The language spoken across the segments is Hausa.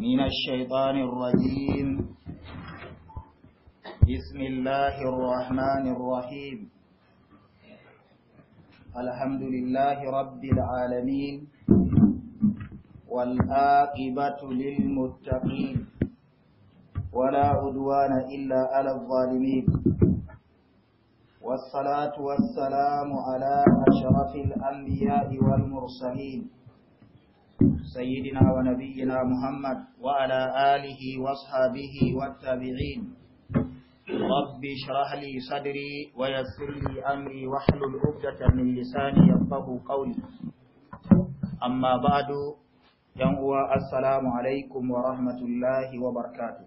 من الشيطان الرجيم بسم الله الرحمن الرحيم الحمد لله رب العالمين والآقبة للمتقين ولا عدوان إلا على الظالمين والصلاة والسلام على أشرف الأنبياء والمرسلين سيدنا ونبينا محمد وعلى آله واصحابه والتابعين رب اشرح لي صدري ويسر لي أمري واحلل عقدة من لساني يفقه قولي أما بعد ينقوى السلام عليكم ورحمة الله وبركاته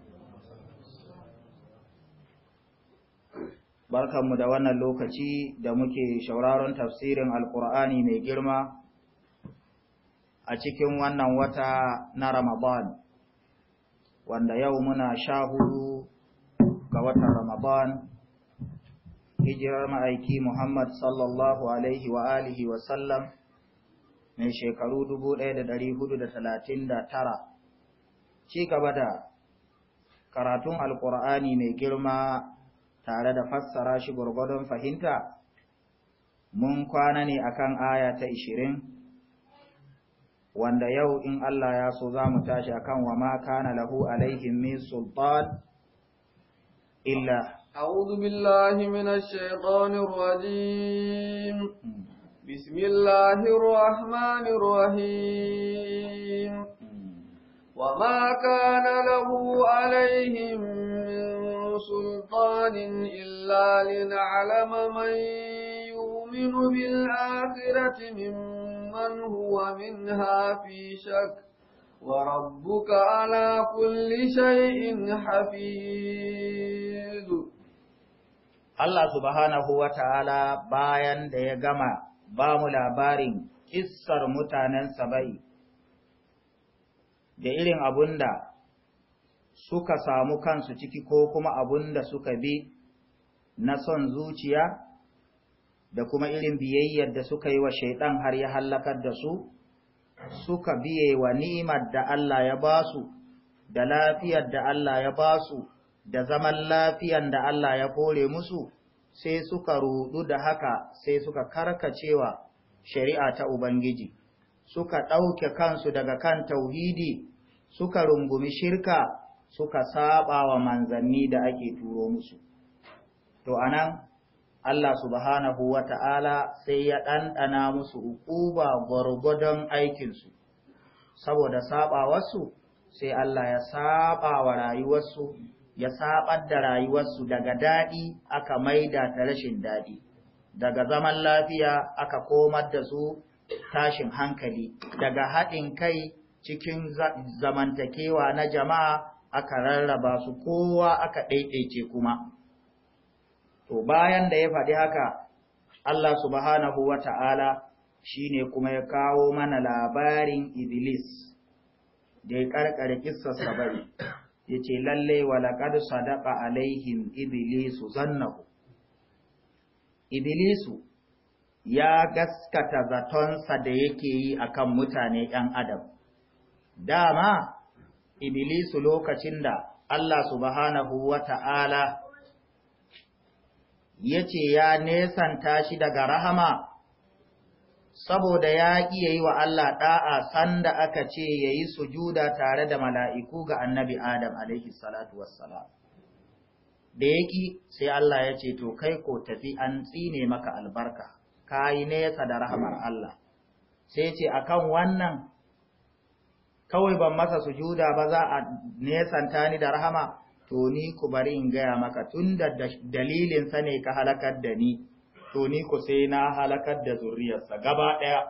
barkanmu da wannan lokaci da muke shauraron tafsirin alkur'ani mai girma a cikin wannan wata na Ramadan, wanda yau muna sha ga watan Ramadan, hijirar ma'aiki Muhammad sallallahu Alaihi wa alihi sallam mai shekaru 1439, ci gaba da karatun Alƙur'ani mai girma tare da fassara shi gwargwadon fahimta, mun kwana ne akan aya ta ishirin. wanda yau in Allah ya so za mu tashi akan wa ma kana lahu alaihim min sultan illa a'udhu billahi minash shaitanir rajim hmm. bismillahir rahmanir rahim hmm. wa ma kana lahu alaihim min sultanin illa lin'alama man yu'minu bil akhirati من هو منها في شك وربك على كل شيء حفيظ Allah subhanahu wa ta'ala bayan da ya gama ba mu labarin ƙissar mutanensa bai, da irin abun da suka samu kansu ciki ko kuma abun da suka bi na son zuciya da kuma irin biyayyar da suka yi wa shaiɗan har ya hallakar da su suka biye wa nimar da Allah ya ba su da lafiyar da Allah ya ba su da zaman lafiyar da Allah ya kore musu sai suka rudu da haka sai suka karkacewa shari'a ta Ubangiji suka ɗauke kansu daga kan tauhidi suka rungumi shirka suka saba wa manzanni da ake turo musu to anan Allah subhanahu wa ta'ala sai ya ɗanɗana musu hukuba gwargwadon aikinsu, saboda saɓawarsu sai Allah ya saɓa wa rayuwarsu, ya saɓar da rayuwarsu daga daɗi aka maida ta rashin daɗi, daga zaman lafiya aka komar da su tashin hankali, daga haɗin kai cikin zamantakewa na jama'a aka rarraba su kowa aka ɗaiɗaice kuma. to bayan da ya faɗi haka Allah subhanahu wa ta'ala shi ne kuma ya kawo mana labarin Iblis da ya ƙarƙare ƙisar sabari, ya ce lalle walaƙar sadaka alaihim Iblisu zannahu. Iblisu ya gaskata zatonsa da yake yi a kan mutane ‘yan Adam. Dama, Iblisu lokacin da Allah subhanahu wa ta'ala ya ce ya nesanta shi daga rahama saboda ya iya yi wa Allah ɗa'a sanda aka ce ya yi sujuda tare da mala'iku ga annabi Adam alaihi salatu wassalam. Da ya ƙi sai Allah ya ce, To, kai ko tafi an tsine maka albarka, ka yi nesa da rahamar Allah. Sai ce, akan wannan, kawai ban masa sujuda ba za a nesanta ni da rahama, to ni ku bari in gaya maka tun da dalilinsa ne ka halakar da ni, to ni ku sai na halakar da zuriyarsa gaba ɗaya,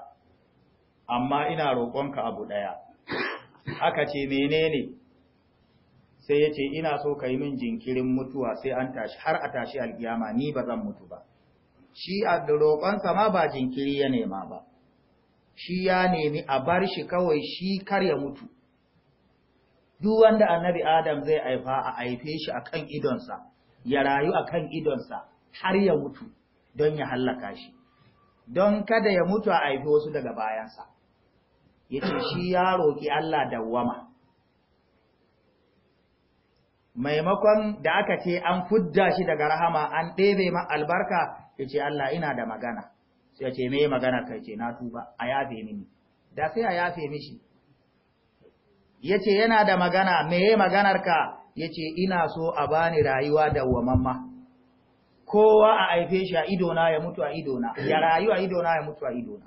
amma ina roƙonka abu ɗaya. Aka ce menene sai ya ce ina so ka yi min jinkirin mutuwa sai an tashi har a tashi alkiyama ni ba zan mutu ba. Shi a roƙonsa ma ba jinkiri ya nema ba, shi ya nemi a bar shi kawai shi kar ya mutu. duk wanda annabi Adam zai aifa a aife shi akan idonsa ya rayu a akan idonsa har ya mutu don ya hallaka shi don kada ya mutu a aife wasu daga bayansa yace shi ya roki Allah dawwama maimakon da aka ce an fudda shi daga rahama an ɗebe ma albarka ya ce Allah ina da magana sai ce me magana kai ce na tuba a yafe mini da sai a yafe mishi yace yana da magana meye maganarka yace ina so a bani rayuwa da dawwamamma kowa a haife shi a idona ya mutu a idona ya rayu a idona ya mutu a idona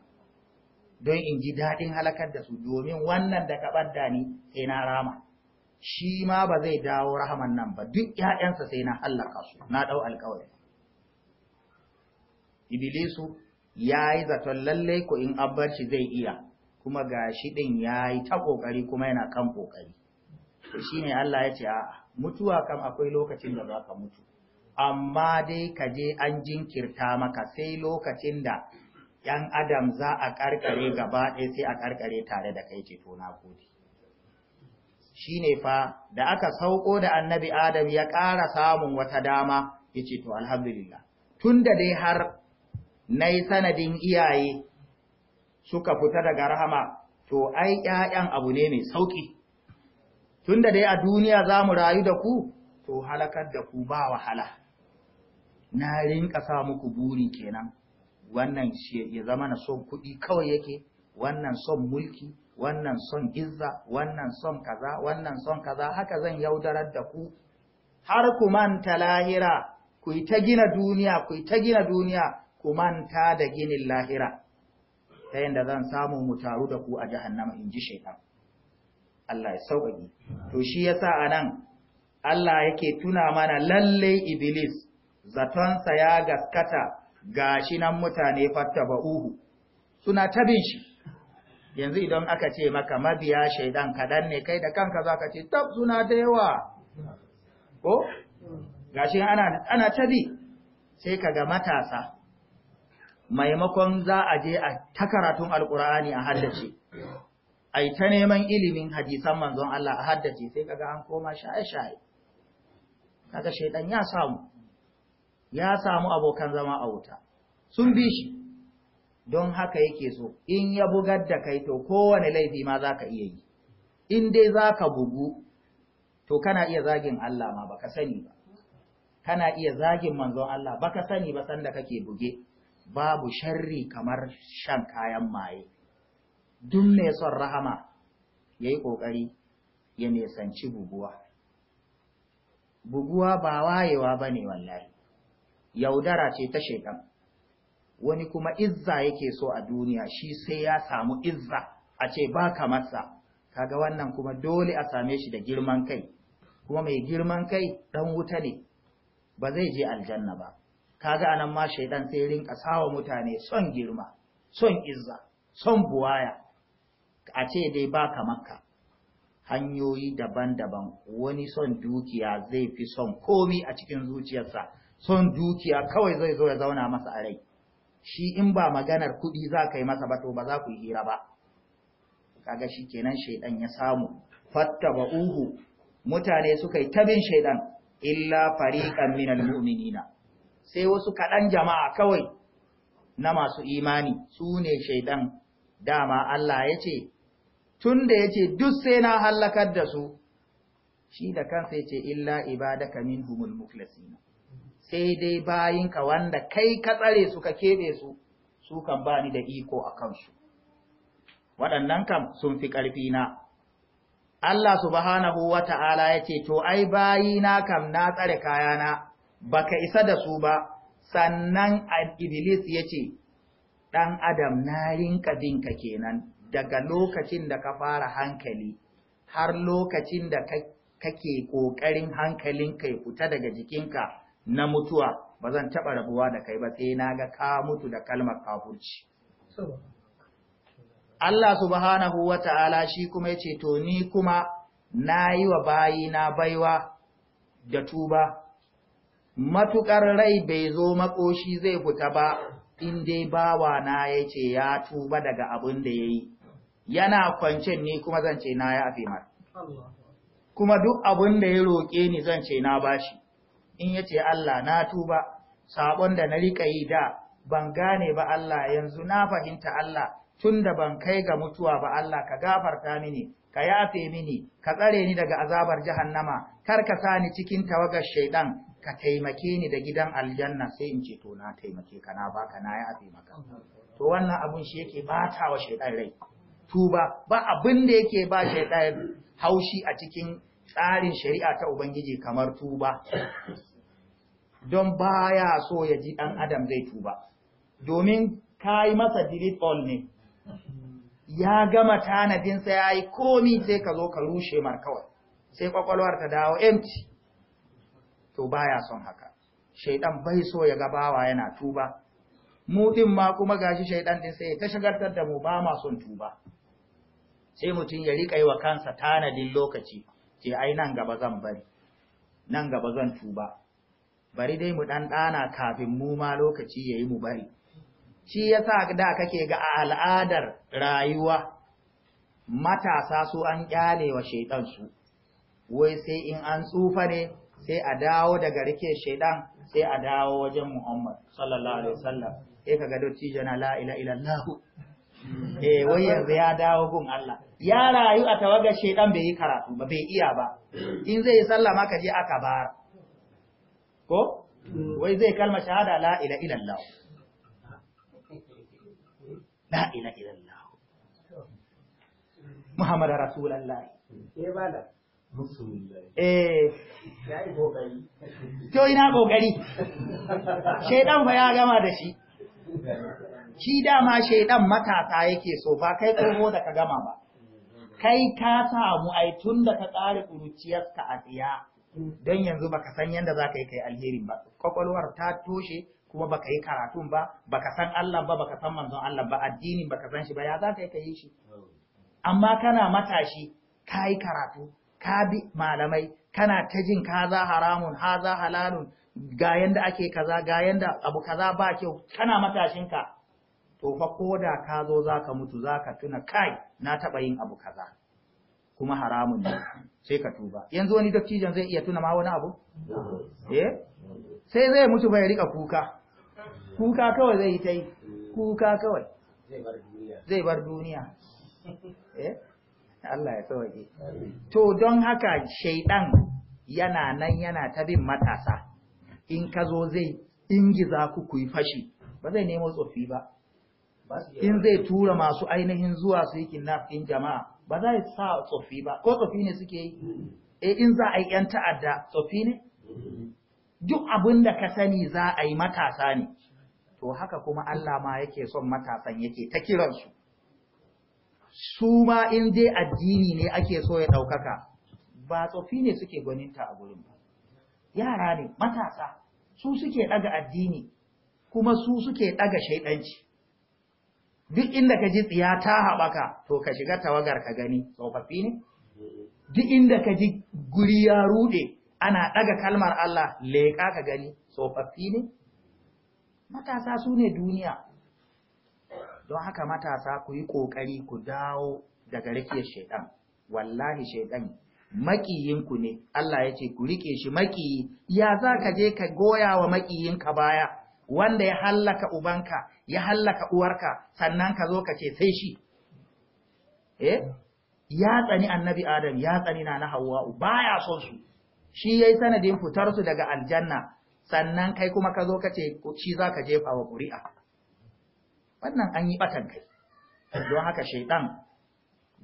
don in ji daɗin halakar da su domin wannan da kaɓar da ni sai na rama shi ma ba zai dawo rahaman nan ba duk ‘ya'yansa sai na hallaka su na ɗau alkawari ibilisu ya yi zaton lallai ko in abbar shi zai iya kuma ga shi ɗin ya yi ta ƙoƙari kuma yana kan ƙoƙari shi ne Allah ya ce a mutuwa kam akwai lokacin da za ka mutu amma dai ka je an jinkirta maka sai lokacin da ‘yan adam za a ƙarƙare gaba ɗaya sai a ƙarƙare tare da kai ceto na gode shi ne fa da aka sauko da annabi adam ya ƙara samun wata dama ya ce to alhamdulillah tun dai har na sanadin iyaye suka fita daga rahama to ai ƴaƴan abu ne mai sauƙi. tunda dai a duniya za mu rayu da ku to halakar da ku ba wahala na rinka sa muku buri kenan wannan shi ya zama na son kuɗi kawai yake wannan son mulki wannan son izza wannan son kaza wannan son kaza haka zan yaudarar da ku har ku manta lahira ku ta gina duniya ku ta gina duniya ku manta da ginin lahira ta yadda zan samu mu taru da ku a jahannama in ji shaitan Allah ya sauƙaƙi to shi yasa a nan Allah yake tuna mana lalle iblis zatonsa ya gaskata gashi nan mutane fatta ba'uhu suna tabin shi yanzu idan aka ce maka mabiya shaidan kaɗan ne kai da kanka za ka ce tab suna da yawa ko gashi ana, ana tabi sai ka ga matasa maimakon za a je a takaratun alkur'ani a haddace a yi ta neman ilimin hadisan manzon Allah a haddace sai kaga an koma shaye-shaye kaga shaidan ya samu ya samu abokan zama a wuta sun bi shi don haka yake so in ya bugar da kai to kowane laifi ma za ka iya yi in dai za ka bugu to kana iya zagin Allah ma ba ka sani ba kana iya zagin manzon Allah ba ka sani ba sanda kake buge babu sharri kamar shan kayan maye duk mai son rahama ya yi ƙoƙari ya nesanci buguwa buguwa ba wayewa ba ne wallahi yaudara ce ta shekan wani kuma izza yake so a duniya shi sai ya samu izza a ce ba kamarsa kaga wannan kuma dole a same shi da girman kai kuma mai girman kai ɗan wuta ne ba zai je aljanna ba kaga anan ma shaidan sai rinka sawa mutane son girma son izza son buwaya a ce dai ba makka hanyoyi daban-daban wani son dukiya zai fi son komi a cikin zuciyarsa son dukiya kawai zai zo ya zauna masa a rai shi in ba maganar kuɗi za ka yi masa ba to ba za ku yi hira ba kaga shi kenan shaidan ya samu fatta uhu mutane suka yi tabin shaidan illa fariƙan minal mu'minina sai wasu kaɗan jama'a kawai na masu imani su ne shaidan dama Allah ya ce tun da ya ce duk sai na hallakar da su shi da kansa ya ce illa ibada min humul muklasina sai dai bayinka wanda kai ka tsare su ka keɓe su su kan ba ni da iko a kansu waɗannan kam sun fi ƙarfina Allah subhanahu wa ta'ala ya ce to ai bayina kam na tsare kayana baka isa da su ba sannan iblis ya ce ɗan adam na rinka binka kenan daga lokacin da ka fara hankali har lokacin da kake ƙoƙarin hankalin kai fita daga jikinka na mutuwa ba zan taɓa rabuwa da kai ba sai na ga ka mutu da kalmar kafurci. Allah subhanahu wa ta'ala shi kuma yace To, ni kuma na yi wa bayina baiwa da tuba matuƙar rai bai zo makoshi zai fita ba in dai bawa na ya ce ya tuba daga abin da ya yi yana kwancen ne kuma zan ce na ya afe mar kuma duk abin da ya roƙe ni zan ce na bashi in ya ce Allah na tuba sabon da na rika yi da ban gane ba Allah yanzu na fahimta Allah tun da ban kai ga mutuwa ba Allah ka gafarta mini ka yafe mini ka tsare ni daga azabar jahannama kar ka sa ni cikin tawagar shaidan ka taimake ni da gidan aljanna sai in ce to na taimake ka na baka na ya afi maka to wannan abun shi yake bata wa shaytan rai tuba ba abin da yake ba shaytan haushi a cikin tsarin shari'a ta ubangiji kamar tuba don baya so ya ji dan adam zai tuba domin kai masa delete all ne ya gama tanadinsa ya yi komi sai ka zo ka rushe mar sai kwakwalwar ta dawo empty to baya son haka shaydan bai so ya ga bawa yana tuba mu din ma kuma gashi shaydan din sai ta shagartar da mu ba ma son tuba sai mutum ya rika yi wa kansa tanadin lokaci ce ai nan gaba zan bari nan gaba zan tuba bari dai mu dan dana kafin mu ma lokaci yayi mu bari shi yasa da kake ga al'adar rayuwa matasa su an kyale wa shaidan su wai sai in an tsufa ne sai a dawo daga rike shaidan sai a dawo wajen Muhammad sallallahu alaihi wasallam eh kaga dottijo na la ila illallah eh wai yanzu ya dawo gun Allah ya rayu a tawaga shaidan bai yi karatu ba bai iya ba in zai sallama ka je aka bara ko wai zai kalma shahada la ila illallah la ila illallah Muhammad rasulullahi eh bala Eh. To ina kokari. Shaidan ba ya gama da shi. Shi dama shaidan matasa yake so ba kai tsoho da ka gama ba. Kai ka samu ai tun da ka tsare kuruciyarka a tsiya. Don yanzu baka san yadda za ka yi kai alherin ba. Kwakwalwar ta toshe kuma baka yi karatun ba, baka san Allah ba, baka san manzon Allah ba, addinin baka san shi ba, ya za ka yi ka yi shi. Amma kana matashi, ka yi karatu, ka bi malamai kana ta jin ka za haramun ha za halalun ga yanda ake kaza ga yanda abu kaza ba kyau kana matashin ka to fa koda ka zo zaka mutu zaka tuna kai na taba yin abu kaza kuma haramun ne sai ka tuba yanzu wani dattijan zai iya tuna ma wani abu eh sai zai mutu bai rika kuka kuka kawai zai yi ta yi kuka kawai zai bar duniya eh Allah ya sauke to don haka shaiɗan yana nan yana ta bin matasa in ka zo zai ingiza ku ku yi fashi ba zai nemo tsofi ba in zai tura masu ainihin zuwa su yi nafin jama'a ba za sa tsofi ba ko tsofi ne suke yi e in za a yi yan ta'adda tsofi ne duk abin da ka sani za a yi matasa ne to haka kuma Allah ma yake son matasan yake ta kiransu su ma in dai addini ne ake so ya ɗaukaka ba tsofi ne suke gwaninta a gurin ba yara ne matasa su suke ɗaga addini kuma su suke ɗaga shaidanci. duk inda ka ji tsiya ta haɓaka to ka shiga tawagar ka gani tsofaffi ne duk inda ka ji guri ya ruɗe ana ɗaga kalmar Allah leƙa ka gani tsofaffi ne matasa su ne duniya don haka matasa ku yi ƙoƙari ku dawo daga rikiyar shaiɗan? wallahi shaiɗan makiyinku ne Allah ya ce ku rike shi makiyi ya za ka je ka goya wa makiyinka baya wanda ya hallaka ubanka ya hallaka uwarka sannan ka zo ka ce sai shi eh ya tsani annabi adam ya tsani na na hawa'u baya son su shi yayi sanadin fitar su daga aljanna sannan kai kuma ka zo ka ce shi za ka jefa wa ƙuri'a wannan an yi ɓatan kai don haka shaidan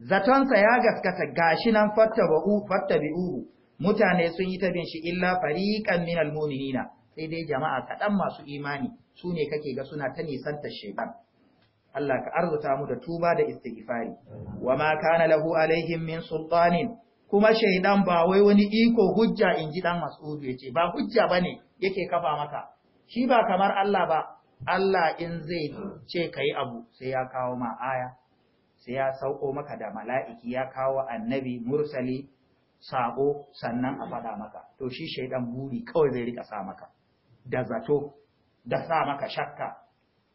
zatonsa ya gaskata gashi nan fatta biuhu, mutane sun yi tabin shi illa fariƙan min mu'minina sai dai jama'a kaɗan masu imani su ne kake ga suna ta nisantar shaidan Allah ka arzuta mu da tuba da istighfari wa ma kana lahu alaihim min sultanin kuma shaidan ba wai wani iko hujja in ji dan mas'udu yace ba hujja bane yake kafa maka shi ba kamar Allah ba Allah in zai ce ka yi abu sai ya kawo ma aya, sai ya sauko maka da mala'iki ya kawo annabi mursali sabo sannan a faɗa maka, to shi shaidan buri kawai zai rika sa maka, da zato, da sa maka shakka.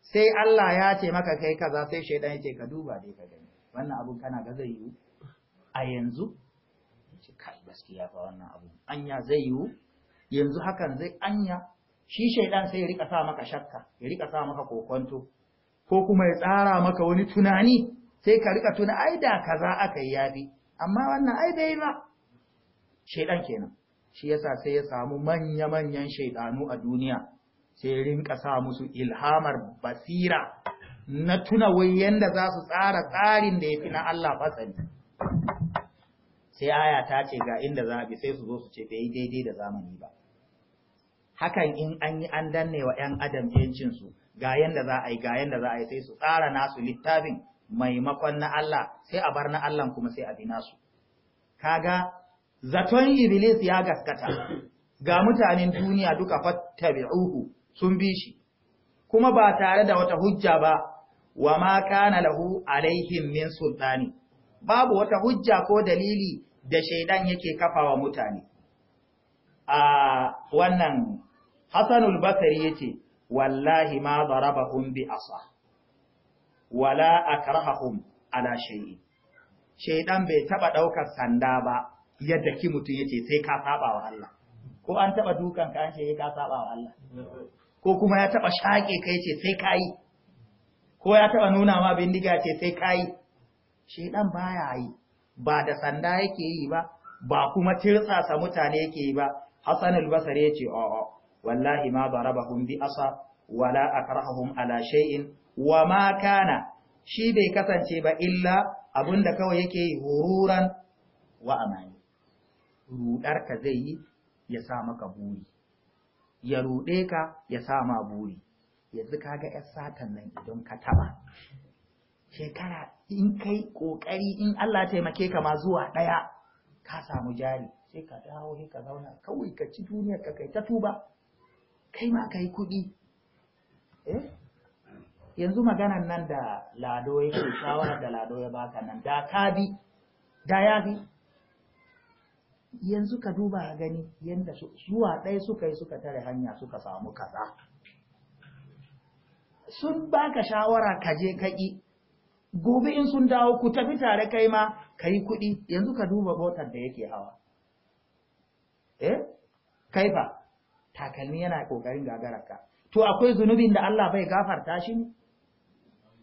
Sai Allah ya ce maka kai kaza sai shaidan ya ce ka duba dai ka gani, wannan abun kana ga zai yiwu a yanzu? Kai gaskiya fa wannan abun, anya zai yiwu, yanzu hakan zai anya shi shaidan sai ya rika sa maka shakka ya rika sa maka kokonto ko kuma ya tsara maka wani tunani sai ka rika tuna ai da kaza aka yi yafi amma wannan ai bai ba shaidan kenan shi yasa sai ya samu manya manyan shaidanu a duniya sai ya rinka sa musu ilhamar basira na tuna wai yanda za su tsara tsarin da ya fi na Allah fasali sai aya ta ce ga inda za a bi sai su zo su ce bai daidai da zamani ba hakan in an yi an danne wa ‘yan adam yancinsu ga yanda za a yi ga yanda za a yi sai su tsara nasu littafin maimakon na Allah sai a bar na Allah kuma sai a bi nasu kaga zaton iblis ya gaskata ga mutanen duniya duka fattabi'uhu sun bi shi kuma ba tare da wata hujja ba wa ma kana lahu alaihim min sultani babu wata hujja ko dalili da shaidan yake kafawa mutane a wannan Hassanul Bakari ya ce, Wallahi ma zarabahum bi asa, wala akrahahum ala shay'in. Shaidan bai taɓa ɗaukar sanda ba yadda ki mutum ya ce sai ka saɓa wa Allah. Ko an taɓa dukan ka an ce ka saɓa wa Allah. Ko kuma ya taba shake kai ce sai ka yi, Ko ya taɓa nuna ma bindiga ce sai ka yi. Shaidan baya yi ba da sanda yake yi ba ba kuma tirsasa mutane yake yi ba. Hassan al-Basri yace a'a wallahi ma darabahum bi asa wala akrahum ala shay'in wa ma kana shi bai kasance ba illa da kawai yake hururan wa amani rudar ka zai yi ya sa maka buri ya rude ka ya sa ma buri yanzu kaga yar satan nan idan ka taba shekara in kai kokari in Allah taimake ka ma zuwa daya ka samu jari sai ka dawo sai ka zauna kawai ka ci duniyar ka kai ta tuba kai ma ka yi kuɗi eh? yanzu maganan nan da lado ya ke shawarar da lado ya baka nan da ka bi da ya bi yanzu ka duba a gani yadda zuwa ɗaya suka yi suka tare hanya suka samu kaza sun baka shawara ka je ka kaƙi gobe in sun dawo ku tafi tare kai ma ka yi kuɗi yanzu ka duba motar da yake hawa eh kaifa takalmi yana ƙoƙarin gagararka to akwai zunubin da Allah bai gafarta shi ne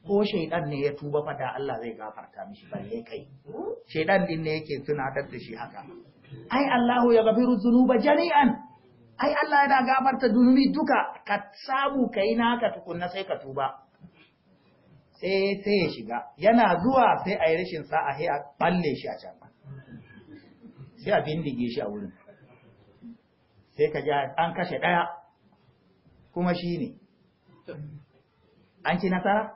ko shaidan ne ya tuba da Allah zai gafarta mishi balle kai shaidan din ne yake tunatar da shi haka ai Allahu ya gafiru zunuba jami'an ai Allah yana gafarta zunubi duka ka samu kai naka tukunna sai ka tuba sai sai ya shiga yana zuwa sai a yi rashin sa'a sai a balle shi a can sai a bindige shi a wurin sai ka ji an kashe ɗaya kuma shi ne an ci nasara?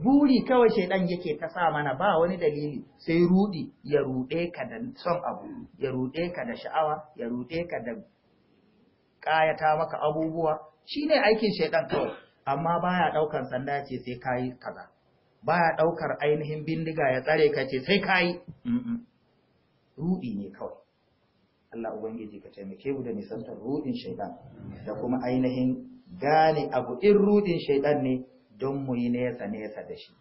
buri kawai shaidan yake ta sa mana ba wani dalili sai rudi ya rude ka da son abu ya rude ka da sha'awa ya rude ka da kayata maka abubuwa Shi ne aikin shaidan kawai amma baya ɗaukar sanda ce sai kayi kaza baya ɗaukar ainihin bindiga ya tsare ka ce sai kayi rudi ne kawai Allah ubangiji ka taimake mu da nisantar ruɗin shaidan da kuma ainihin gane abu in rudin shaidan ne don mu yi nesa nesa da shi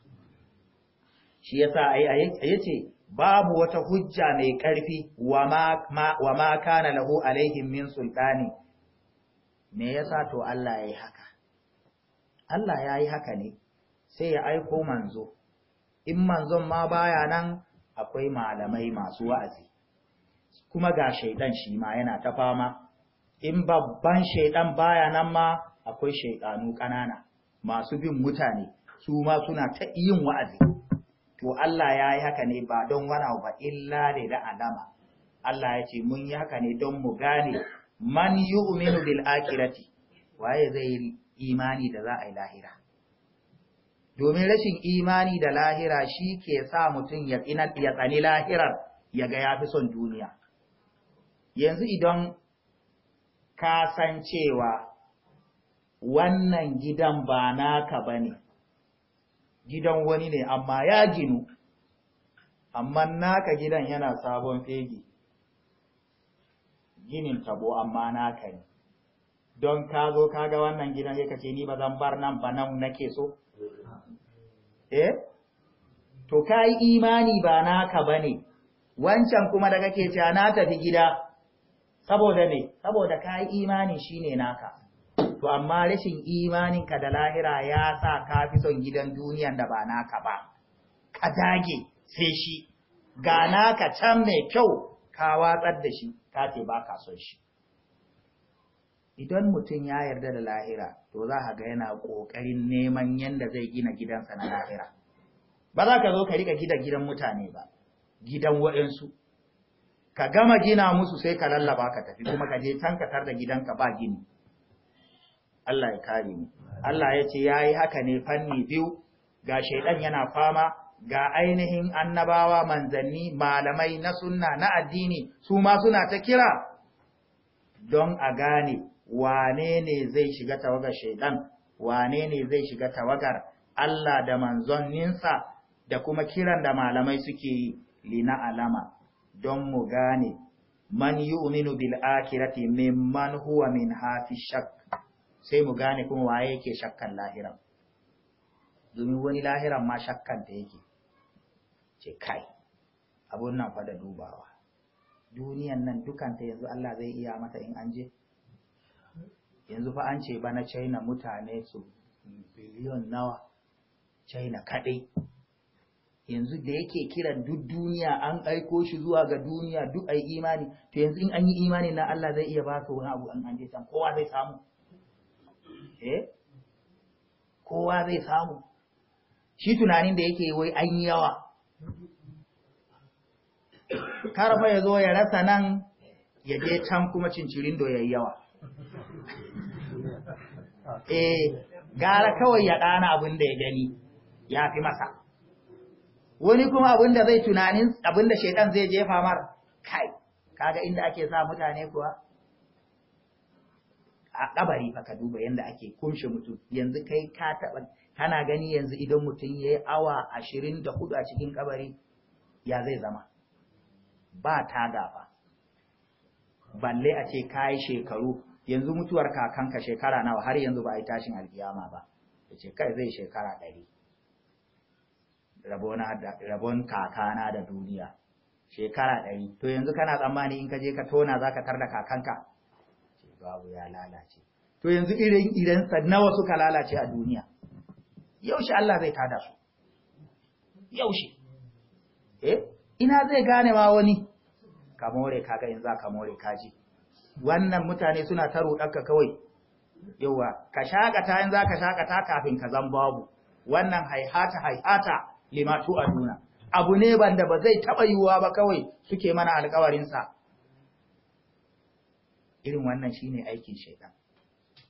shi yasa ce babu wata hujja mai ƙarfi wa ma kana lahu alaihim min sultani me yasa to Allah ya yi haka Allah ya yi haka ne sai ya aiko manzo in manzon ma baya nan akwai malamai masu wa'azi kuma ga shaidan shi ma yana ta fama in babban shaidan baya nan ma akwai shaidanu ƙanana masu bin mutane su ma suna ta yin wa'azi to Allah ya yi haka ne ba don wana ba illa ne da alama Allah ya ce mun yi haka ne don mu gane man yi uminu bil akirati, waye zai yi imani da za a yi lahira domin rashin imani da lahira shi ke sa mutum ya tsani lahirar ya ga ya fi son duniya yanzu idan ka san cewa wannan gidan ba naka ba ne gidan wani ne amma ya ginu amma naka gidan yana sabon fegi ginin tabo amma naka ne don ka zo kaga wannan gidan ya kace ce ni ba zan bar nan ba nan nake so eh to kai imani ba naka bane wancan kuma da kake cewa na tafi gida saboda me saboda ka yi imani shine naka to amma rashin ka da lahira ya sa ka fi son gidan duniyan da ba naka ba ka dage sai shi ga naka can mai kyau ka watsar da shi ka ce ba ka son shi idan mutum ya yarda da lahira to za ka ga yana ƙoƙarin neman yadda zai gina gidansa na lahira ba za ka zo ka riƙa gida gidan mutane ba gidan waɗansu ka gama gina musu sai ka lallaba ka tafi kuma ka je can ka tar da gidanka ba gini Allah ya kare ni. Allah ya ce yayi haka ne fanni biyu ga shaidan yana fama ga ainihin annabawa manzanni malamai na sunna na addini su ma suna ta kira don a gane wane ne zai shiga tawagar shaidan wane ne zai shiga tawagar Allah da manzonninsa da kuma kiran da malamai suke yi lina alama don mu gane man yu'minu bil akhirati mimman huwa min hafi shak sai mu gane kuma waye yake shakkan lahiran domin wani lahiran ma shakkan ta yake ce kai abun nan fa da dubawa duniyan nan dukanta yanzu Allah zai iya mata in an je yanzu fa an ce bana China mutane su biliyon nawa China kadai yanzu da yake kiran duk duniya an aiko shi zuwa ga duniya duk ai imani to yanzu in an yi imani na Allah zai iya ka wani abu an an je can kowa zai samu eh kowa zai samu shi tunanin da yake wai an yi yawa karfa ya zo ya rasa nan ya je can kuma cincirin do yayi yawa eh gara kawai ya dana abin da ya gani ya fi masa wani kuma abin da zai tunanin abin da shaidan zai jefa mar kai kaga inda ake sa mutane kuwa a kabari fa ka duba yanda ake kumshe mutum yanzu kai ka taba kana gani yanzu idan mutum ya yi awa da 24 a cikin kabari ya zai zama ba ta gafa balle a ce kai shekaru yanzu mutuwar kakanka shekara nawa har yanzu ba a yi tashin alkiyama ba ce kai zai shekara ɗari. rabon kakana da duniya shekara ɗari to yanzu kana tsammani in ka je ka tona za ka tar da kakanka babu ya lalace to yanzu irin idan nawa suka lalace a duniya yaushe Allah zai tada su yaushe eh ina zai gane ma wani ka more kaga in za ka more kaji wannan mutane suna ta ɗanka kawai yauwa ka shakata in za ka shakata kafin ka zan babu wannan haihata haihata lima Aduna abu ne banda ba zai taba yiwuwa ba kawai suke mana alƙawarin sa irin wannan shine aikin shaitan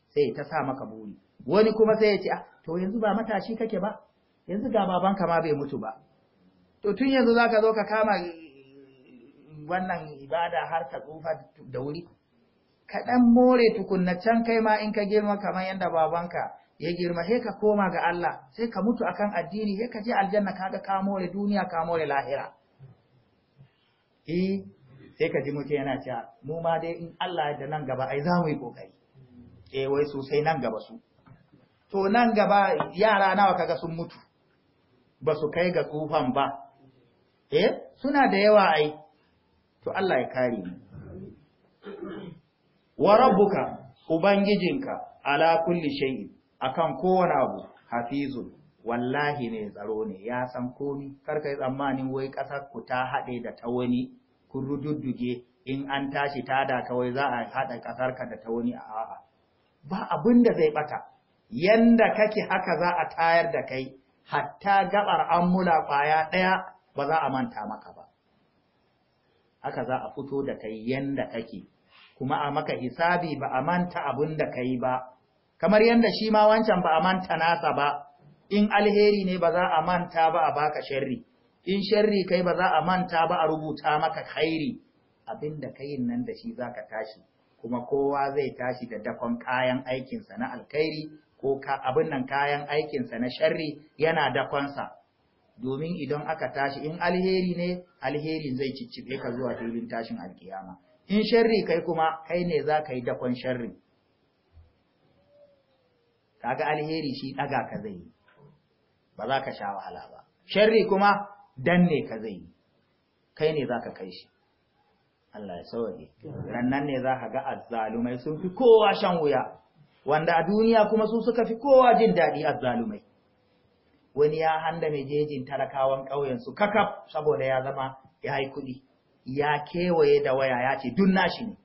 sai ta sa maka buri wani kuma sai ya ce ah, to yanzu ba matashi kake ba yanzu ga babanka ma bai mutu ba to tun yanzu zaka zo ka kama eh, wannan ibada har ka tsufa da wuri ka dan more tukunna can kai ma in ka girma kamar yanda babanka ya girma sai ka koma ga Allah sai ka mutu akan addini sai ka je aljanna kaga ka more duniya ka more lahira eh sai ka ji mutum yana cewa mu ma dai in Allah da nan gaba ai za mu yi kokari eh wai su sai nan gaba su to nan gaba yara nawa kaga sun mutu ba su kai ga tsufan ba eh suna da yawa ai to Allah ya kare mu wa rabbuka ubangijinka ala kulli shay'in akan kowane abu hafizun wallahi mai tsaro ne ya san komi karka yi tsammanin wai ƙasar ku ta haɗe da ta wani kun rududduge in an tashi ta tada kawai za a haɗa ƙasar ka da ta wani a'a ba abin da zai bata yanda kake haka za a tayar da kai hatta gabar mula kwaya ɗaya ba za a manta maka ba haka za a fito da kai yanda kake kuma a maka hisabi ba a manta abin da kai ba kamar yadda shi ma wancan ba a manta nasa ba in alheri ne ba za a manta ba a baka sharri in sharri kai ba za a manta ba a rubuta maka khairi abinda kayin nan da shi za ka tashi kuma kowa zai tashi da dakon kayan aikinsa na alkhairi ko abin nan kayan aikinsa na sharri yana dakonsa domin idan aka tashi in alheri ne alheri zai ciccibe ka zuwa filin tashin alkiyama in sharri kai kuma kai ne za ka yi dakon sharri kaga alheri shi daga ka zai yi. ba za ka sha wahala ba sharri kuma danne ka zai yi. kai ne za ka kai shi Allah ya sauke rannan ne za ka ga azzalumai sun fi kowa shan wuya wanda a duniya kuma su suka fi kowa jin daɗi azzalumai wani ya handa mai jejin talakawan ƙauyensu kakaf saboda ya zama ya yi kuɗi ya kewaye da waya ya ce dun nashi ne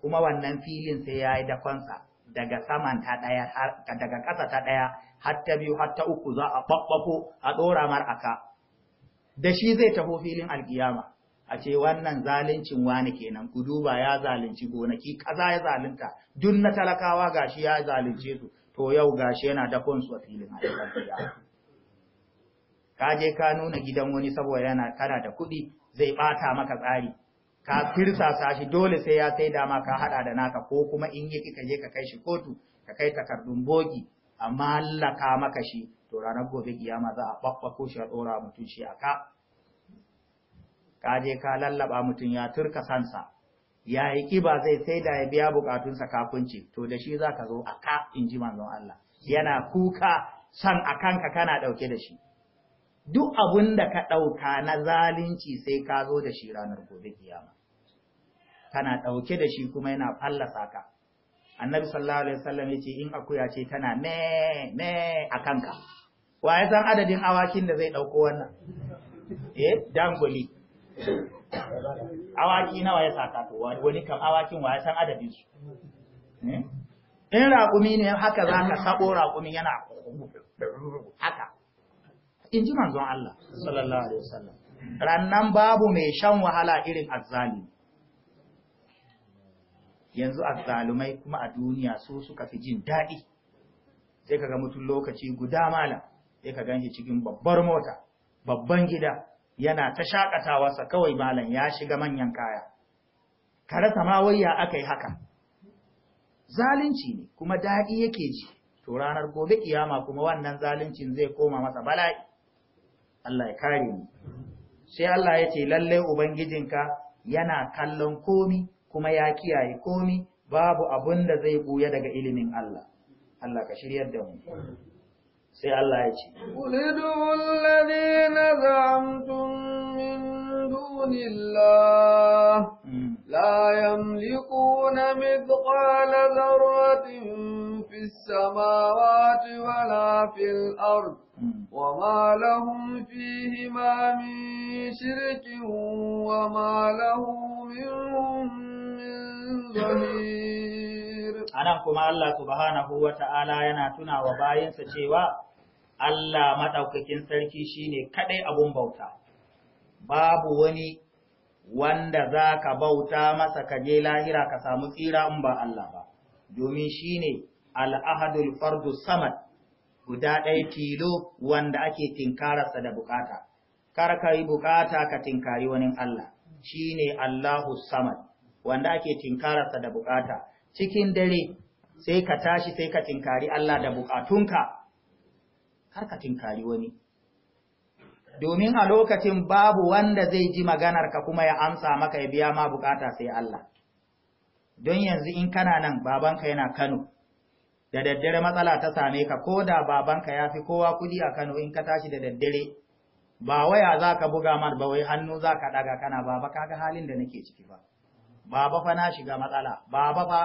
kuma wannan filin sai ya yi dakonsa daga saman ta ɗaya daga ƙasa ta ɗaya har ta biyu har ta uku za a ɓaɓɓako a ɗora mar aka da shi zai taho filin alkiyama a ce wannan zaluncin wani kenan ku duba ya zalunci gonaki kaza ya zalunta duk na talakawa gashi ya zalunce su to yau gashi yana da su a filin alkiyama ka je ka nuna gidan wani saboda yana kana da kuɗi zai ɓata maka tsari ka tirsasa shi dole sai ya sai dama ka hada da naka ko kuma in yi kika je ka kai shi kotu ka kai takardun bogi Allah ka maka shi to ranar gobe kiyama za a ko shi a dora mutum shi a ka ka je ka lallaba mutum ya turka sansa ya yi kiba zai sai da ya biya bukatun kafin kafunci to da shi zaka zo aka ka in ji manzon Allah yana kuka san a kanka kana ɗauke da shi duk abun da ka ɗauka na zalunci sai ka zo da shi ranar gobe kiyama kana ɗauke da shi kuma yana fallasa ka annabi sallallahu alaihi wasallam yace in akuya ce tana me me a kanka wa ya san adadin awakin da zai ɗauko wannan eh dangoli awaki nawa ya saka to wani kam awakin wa ya san adadin su eh? in raƙumi ne haka zaka sabo raƙumi yana haka in ji manzon Allah sallallahu alaihi wasallam rannan babu mai shan wahala irin azzalumi yanzu azzalumai kuma a duniya su suka fi jin daɗi sai kaga mutum lokaci guda mala sai ka ganshi cikin babbar mota babban gida yana ta shakatawa kawai malam ya shiga manyan kaya karasa ma wayya yi haka zalunci ne kuma daɗi yake ji to ranar gobe kiyama kuma wannan zaluncin zai koma masa bala'i Allah ya kare mu sai Allah ya ce lalle ubangijinka yana kallon komi kuma ya kiyaye komi babu abun da zai buya daga ilimin Allah Allah ka shiryar da mu sai Allah ya ce ulidu alladhina za'amtum min dunillah la yamlikuna mithqala dharratin fis samawati wa fil ard وما لهم فيهما من شرك وما له منهم من ظهير anan kuma Allah subhanahu wa ta'ala yana tuna wa bayansa cewa Allah maɗaukakin sarki shine kaɗai abun bauta, babu wani wanda za ka bauta masa ka je lahira ka samu tsira in ba Allah ba, domin shine al'ahadul fardu samad guda ɗaya tilo wanda ake tinkararsa da bukata, kar ka yi bukata ka tinkari wani Allah, shine Allahu samad wanda ake tinkararsa da bukata. cikin dare sai ka tashi sai ka tinkari Allah da bukatunka har ka tinkari wani domin a lokacin babu wanda zai ji maganar ka kuma ya amsa maka ya biya ma bukata sai Allah don yanzu in kana nan babanka yana Kano da daddare matsala ta same ka ko da babanka ya fi kowa kudi a Kano in ka tashi da daddare ba waya za ka buga mar ba wai hannu za ka daga kana baba kaga halin da nake ciki ba baba fa na shiga matsala baba fa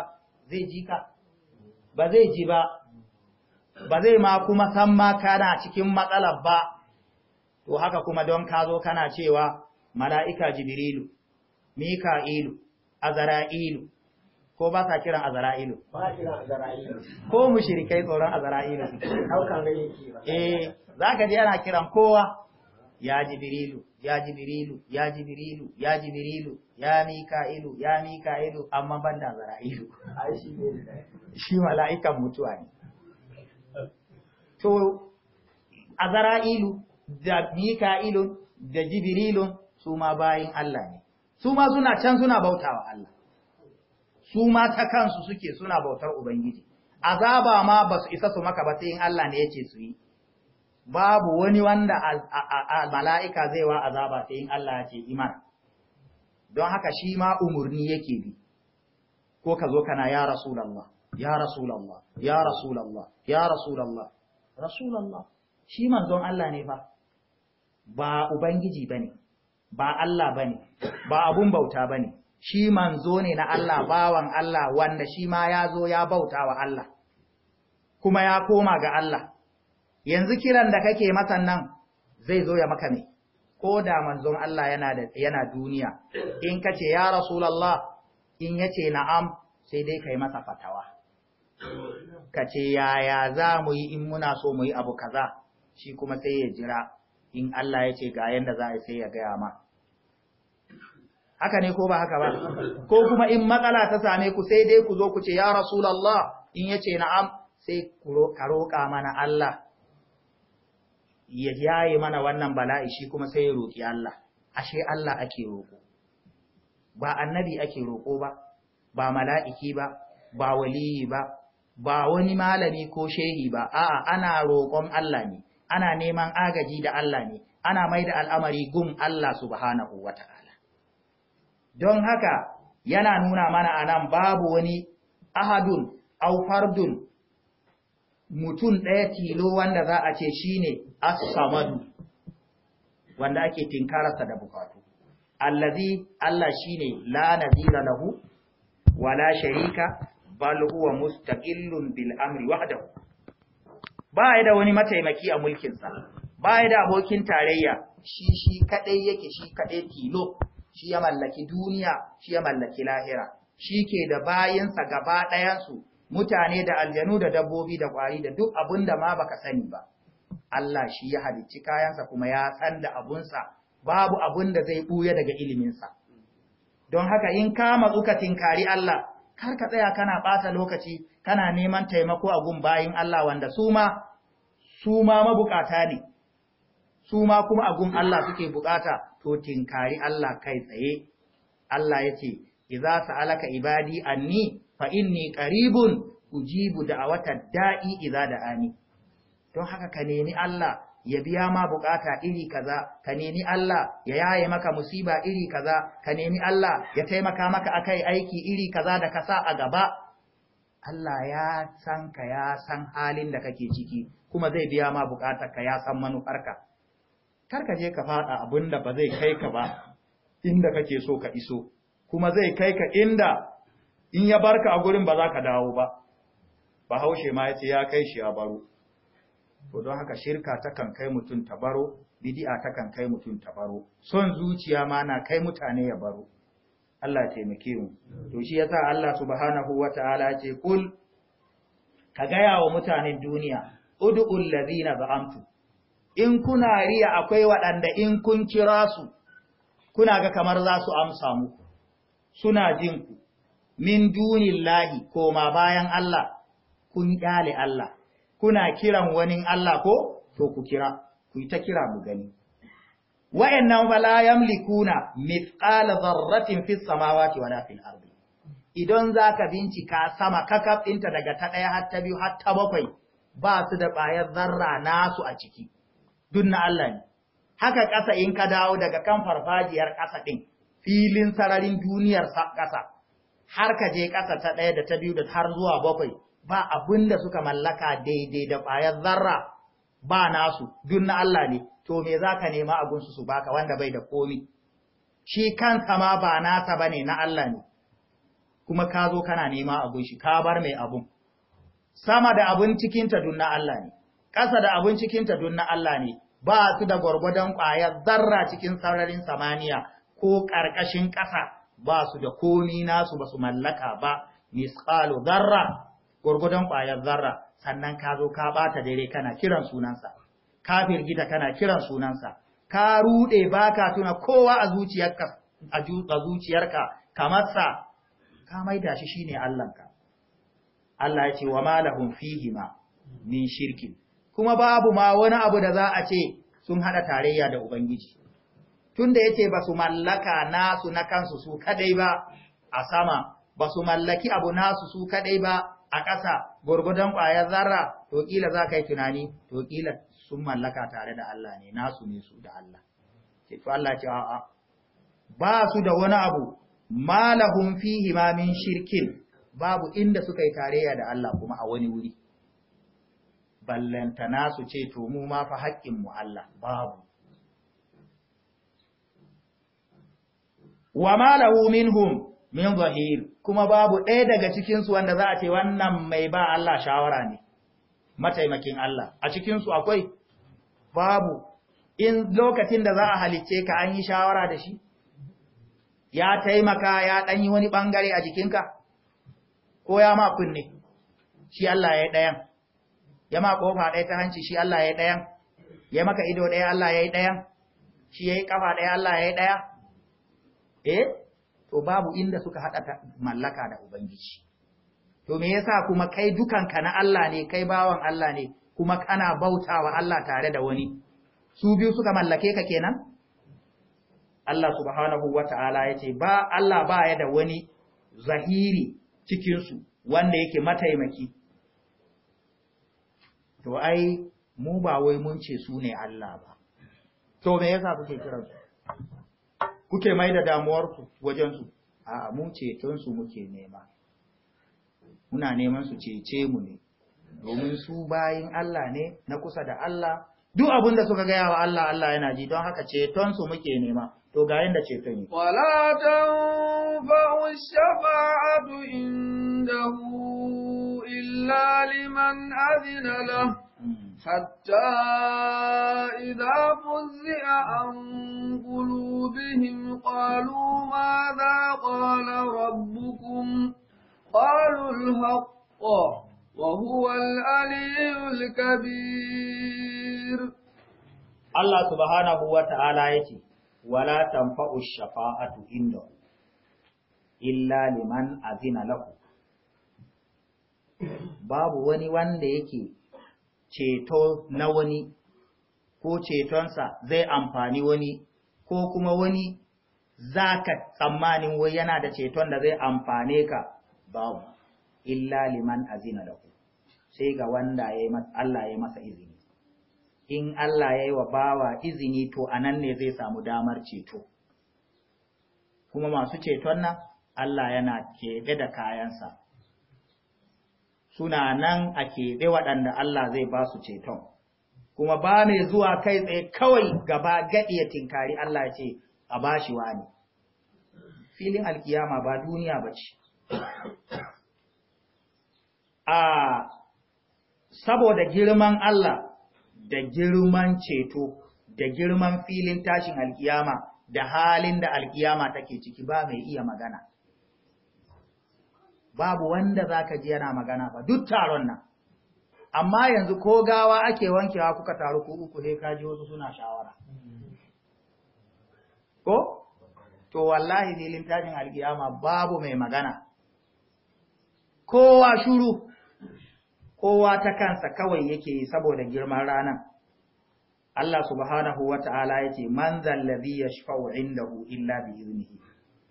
zai ji ka ba zai ji ba ba zai ma kuma san ma kana cikin matsalar ba to haka kuma don ka zo kana cewa mala'ika jibrilu mika'ilu azara'ilu ko ba ka kiran azara'ilu ko mushrikai tsoron azara'ilu eh zaka ji ana kiran kowa ya jibrilu ya jibrilu ya jibrilu ya jibrilu ya mika'ilu ya mika'ilu amma ban da zara'ilu shi mala'ikan mutuwa ne to a da mika'ilun da jibrilun su ma bayin Allah ne su ma suna can suna bautawa Allah su ma ta kansu suke suna bautar ubangiji azaba ma basu isa su maka ba sai in Allah ne yace su yi babu wani wanda mala'ika zai wa azaba sai yin Allah ce iman don haka shi ma umarni yake bi ko ka zo kana ya rasulallah ya rasulallah ya rasulallah ya rasulallah rasulallah shi manzon Allah ne fa ba ubangiji bane ba Allah bane ba abun bauta bane shi manzo ne na Allah bawan Allah wanda shi ma ya zo ya bauta wa Allah kuma ya koma ga Allah yanzu kiran da kake masa nan zai zo ya maka ne ko da manzon Allah yana da yana duniya in kace ya rasulullah in yace na'am sai dai kai masa fatawa kace yaya za mu yi in muna so mu yi abu kaza shi kuma sai ya jira in Allah yace ga yanda za a sai ya gaya ma haka ne ko ba haka ba ko kuma in matsala ta same ku sai dai ku zo ku ce ya rasulullah in yace na'am sai ka roƙa mana Allah ya yayi mana wannan bala'i shi kuma sai ya roƙi Allah ashe Allah ake roƙo ba annabi ake roƙo ba ba mala'iki ba ba waliyi ba ba wani malami ko shehi ba a'a ana roƙon Allah ne ana neman agaji da Allah ne ana mai da al'amari gum Allah subhanahu wata'ala don haka yana nuna mana anan babu wani ahadun au fardun mutum ɗaya tilo wanda za a ce shi as asamadu wanda ake tinkararsa da bukatu allazi Allah shi ne, la nazira lahu wala sharika bal huwa mustaqillun bil amri wahdahu ba ya da wani mataimaki a mulkinsa. ba ya da abokin tarayya shi shi kaɗai yake shi kaɗai tilo shi ya mallaki duniya shi ya mallaki lahira shi ke da bayansa gaba ɗayansu mutane da aljanu da dabbobi da kwari da duk abin da ma baka sani ba Allah shi ya halicci kayansa kuma ya san da sa, babu abun da zai buya daga iliminsa don haka in ka matsu ka tinkari Allah kar ka tsaya kana bata lokaci kana neman taimako a gun bayin Allah wanda su ma su ma mabukata ne su ma kuma a gun Allah suke bukata to tinkari Allah kai tsaye Allah ya ce idza sa'alaka ibadi anni fa inni qaribun ujibu da'awata da'i idza da'ani don haka ka nemi Allah ya biya ma bukata iri kaza ka nemi Allah ya yaye maka musiba iri kaza ka nemi Allah ya taimaka maka akai aiki iri kaza da ka sa a gaba Allah ya san ka ya san halin da kake ciki kuma zai biya ma bukatar ka ya san manufarka kar ka je ka fada abinda ba zai kai ka ba inda kake so ka iso kuma zai kai ka inda in ya barka a gurin ba za ka dawo ba bahaushe ma ya ya kai shi ya baro to don haka shirka ta kan kai mutum ta baro bid'a ta kan kai mutum ta baro son zuciya ma na kai mutane ya baro Allah taimake mu to shi yasa Allah subhanahu wata'ala ce kul ka gaya wa mutanen duniya ud'ul ladina za'amtu in kuna riya akwai waɗanda in kun kira su kuna ga kamar za su amsa muku suna jin ku min dunillahi koma bayan Allah kun kyale Allah kuna kiran wani Allah ko to ku kira ku ta kira mu gani wa'annan la yamlikuna mithqala dharratin fis samawati la fil ardi idan zaka bincika sama kakaf ɗinta daga ta daya har ta biyu har ta bakwai ba su da bayar zarra nasu a ciki duk na Allah ne haka ƙasa in ka dawo daga kan farfajiyar ƙasa ɗin filin sararin duniyar ƙasa har ka je ƙasa ta ɗaya da ta biyu da har zuwa bakwai ba abin da suka mallaka daidai da ƙwayar zarra ba nasu duk na Allah ne to me za ka nema a su baka wanda bai da komi shi kansa ma ba nasa ba ne na Allah ne kuma ka zo kana nema a gunshi ka bar mai abun sama da abun cikinta duk na Allah ne ƙasa da abun cikinta duk na Allah ne ba su da gwargwadon ƙwayar zarra cikin sararin samaniya ko ƙarƙashin ƙasa ba su da komi nasu ba su mallaka ba misqalu zarra gurgudan ƙwayar zarra sannan ka zo ka bata dare kana kiran sunansa ka firgita kana kiran sunansa ka rude baka tuna kowa a zuciyarka a zuciyarka kamar sa ka maida shi shine Allahnka Allah ya ce wa malahum fihima min shirkin kuma babu ma wani abu da za a ce sun hada tarayya da ubangiji tunda yace ba su mallaka nasu na kansu su kadai ba a sama ba su mallaki abu nasu su kadai ba a ƙasa gurgudan ƙwayar zarra to kila za ka yi tunani to kila sun mallaka tare da Allah ne nasu ne su da Allah sai to Allah ce a'a ba su da wani abu malahum fihi ma shirkin babu inda suka yi tarayya da Allah kuma a wani wuri na su ce to mu ma fa haƙƙin mu Allah babu wa malahu minhum min zahir kuma babu ɗaya daga cikinsu wanda za a ce wannan mai ba Allah shawara ne mataimakin Allah a cikin su akwai babu in lokacin da za a halicce ka an yi shawara da shi ya taimaka ya ɗan yi wani ɓangare a jikinka ko ya ma kunne shi Allah ya yi ɗayan ya ma ƙofa ɗaya ta hanci shi Allah ya yi ɗayan ya maka ido ɗaya Allah ya yi ɗayan shi ya yi ƙafa ɗaya Allah ya yi ɗaya eh to babu inda suka haɗa mallaka da ubangiji to me yasa kuma kai dukanka na Allah ne kai bawan Allah ne kuma kana bautawa Allah tare da wani su biyu suka mallake ka kenan Allah subhanahu wata'ala yace ba Allah ba ya da wani zahiri cikin su wanda yake mataimaki to ai mu ba wai mun ce su ne Allah ba to me yasa kuke kiransu kuke mai da damuwarku wajensu a mu su muke nema muna neman su cece mu ne domin su bayin Allah ne na kusa da Allah duk abin da suka gaya wa Allah Allah yana ji don haka su muke nema to ga yanda ceton yi wala tanfa'u shafa'atu indahu illa liman azina lahu حتى إذا فزع عن قلوبهم قالوا ماذا قال ربكم قالوا الحق وهو العلي الكبير الله سبحانه وتعالى يتي ولا تنفع الشفاعة عنده إلا لمن أذن له babu wani wanda yake ceto na wani ko cetonsa zai amfani wani ko kuma wani za ka tsammanin wai yana da ceton da zai amfane ka babu illa liman azina da ku sai ga wanda Allah ya yi masa izini in Allah ya yi wa bawa izini to a nan ne zai samu damar ceto kuma masu ceton nan Allah yana keɓe da kayansa suna nan a keɓe waɗanda Allah zai ba su ceton kuma ba mai zuwa kai tsaye kawai gaba gaɗi ya tinkari Allah ce a ba shi wani filin alkiyama ba duniya ba ce a saboda girman Allah da girman ceto da girman filin tashin alkiyama da halin da alkiyama take ciki ba mai iya magana babu wanda zaka ji yana magana ba duk taron nan amma yanzu ko gawa ake wankewa kuka taru ku uku sai ji wasu suna shawara ko to wallahi filin lintajin alkiyama babu mai magana kowa shuru kowa ta kansa kawai yake saboda girman rana, Allah subhanahu wata'ala yake man zallazi yashfa'u indahu illa bi iznihi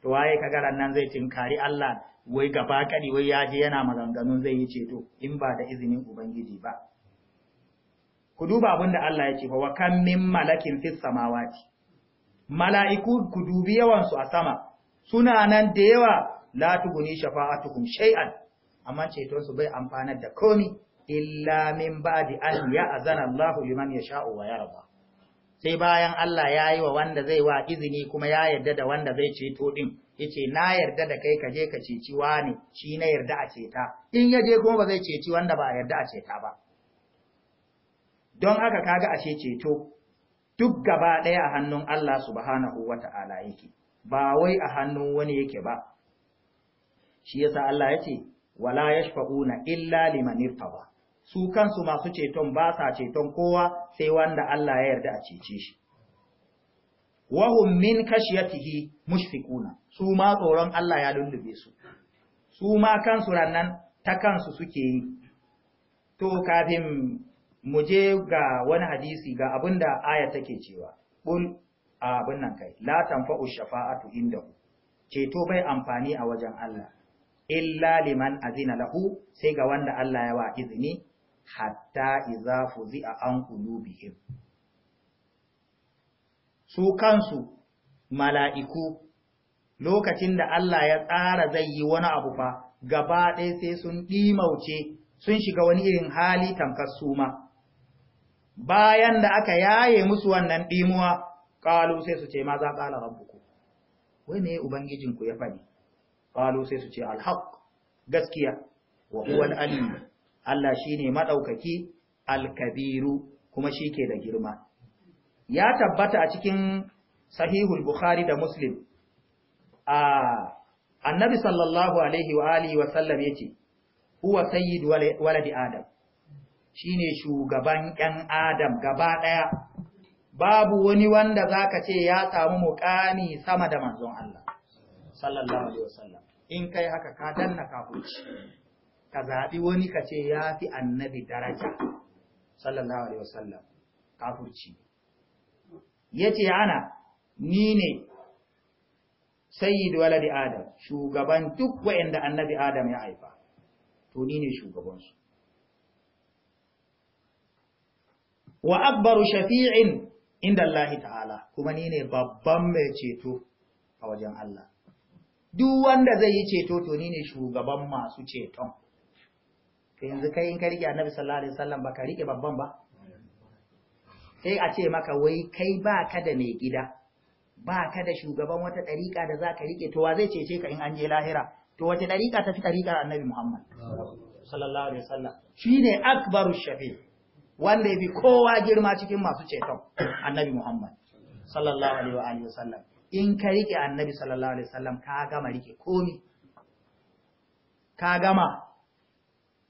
to waye kaga nan zai tinkari Allah wai gaba kari wai ya je yana maganganun zai yi ceto in ba da izinin ubangiji ba ku duba abin da Allah ya ce ba wa kan min malakin fis samawati mala'iku ku dubi yawan a sama suna nan da yawa la tuguni shafa'atukum shay'an amma ceton su bai amfanar da komi illa min ba'di an azana Allahu liman yasha'u wa yarda sai bayan Allah ya yi wa wanda zai wa izini kuma ya yarda da wanda zai ceto din yace na yarda da kai ka je ka ceci wani shi na yarda a ceta in ya je kuma ba zai ceci wanda ba a yarda a ceta ba don haka kaga ashe ceto duk gaba ɗaya a hannun Allah subhanahu wa ta'ala yake, ba wai a hannun wani yake ba, shi yasa Allah yace wala ya shafa'una illa limanir ba, su kansu masu ceton ba sa ceton kowa sai wanda Allah ya yarda a cece shi wahum min kashiyatihi mushfiquna su ma tsoron Allah ya lullube su su ma kansu rannan ta kansu suke yi to kafin mu je ga wani hadisi ga abinda aya take cewa a abin nan kai la tanfa'u shafa'atu indahu ceto bai amfani a wajen Allah illa liman azina lahu sai ga wanda Allah ya wa izini hatta izafu fuzi a an qulubihim su kansu mala'iku lokacin da Allah ya tsara zai yi wani abu fa gaba ɗaya sai sun ɗimauce sun shiga wani irin hali tamkar suma bayan da aka yaye musu wannan ɗimuwa ƙalu sai su ce ma za ƙala rabbuku wai me ubangijinku ya faɗi ƙalu sai su ce alhaq gaskiya wa huwal alim Allah shine ne al-kabiru kuma shi ke da girma ya tabbata a cikin sahihul bukhari da muslim a annabi sallallahu alaihi wa alihi wa sallam yace huwa sayyid waladi adam shi ne shugaban yan adam gaba ɗaya. babu wani wanda zaka ce ya samu muqami sama da manzon Allah sallallahu alaihi wasallam in kai haka ka danna kafirci ka zaɓi wani ka ce ya fi annabi daraja sallallahu alaihi wasallam kafurci ya ce ana ni ne sayyidu waladi adam shugaban duk wa'anda annabi adam ya haifa to ni ne shugabansu wa akbaru shafi'in inda Allah ta'ala kuma ni ne babban mai ceto a wajen Allah duk wanda zai yi ceto to ni ne shugaban masu ceton to yanzu kai in ka rike annabi sallallahu alaihi wasallam ba ka rike babban ba sai a ce maka wai kai ba ka da mai gida ba ka da shugaban wata ɗariƙa da za ka rike to wa zai cece ka in an je lahira to wace ɗariƙa ta fi ɗariƙar annabi muhammad sallallahu alaihi wasallam ne akbaru shafi wanda ya fi kowa girma cikin masu ceton annabi muhammad sallallahu alaihi wasallam in ka rike annabi sallallahu alaihi wasallam ka gama rike komi ka gama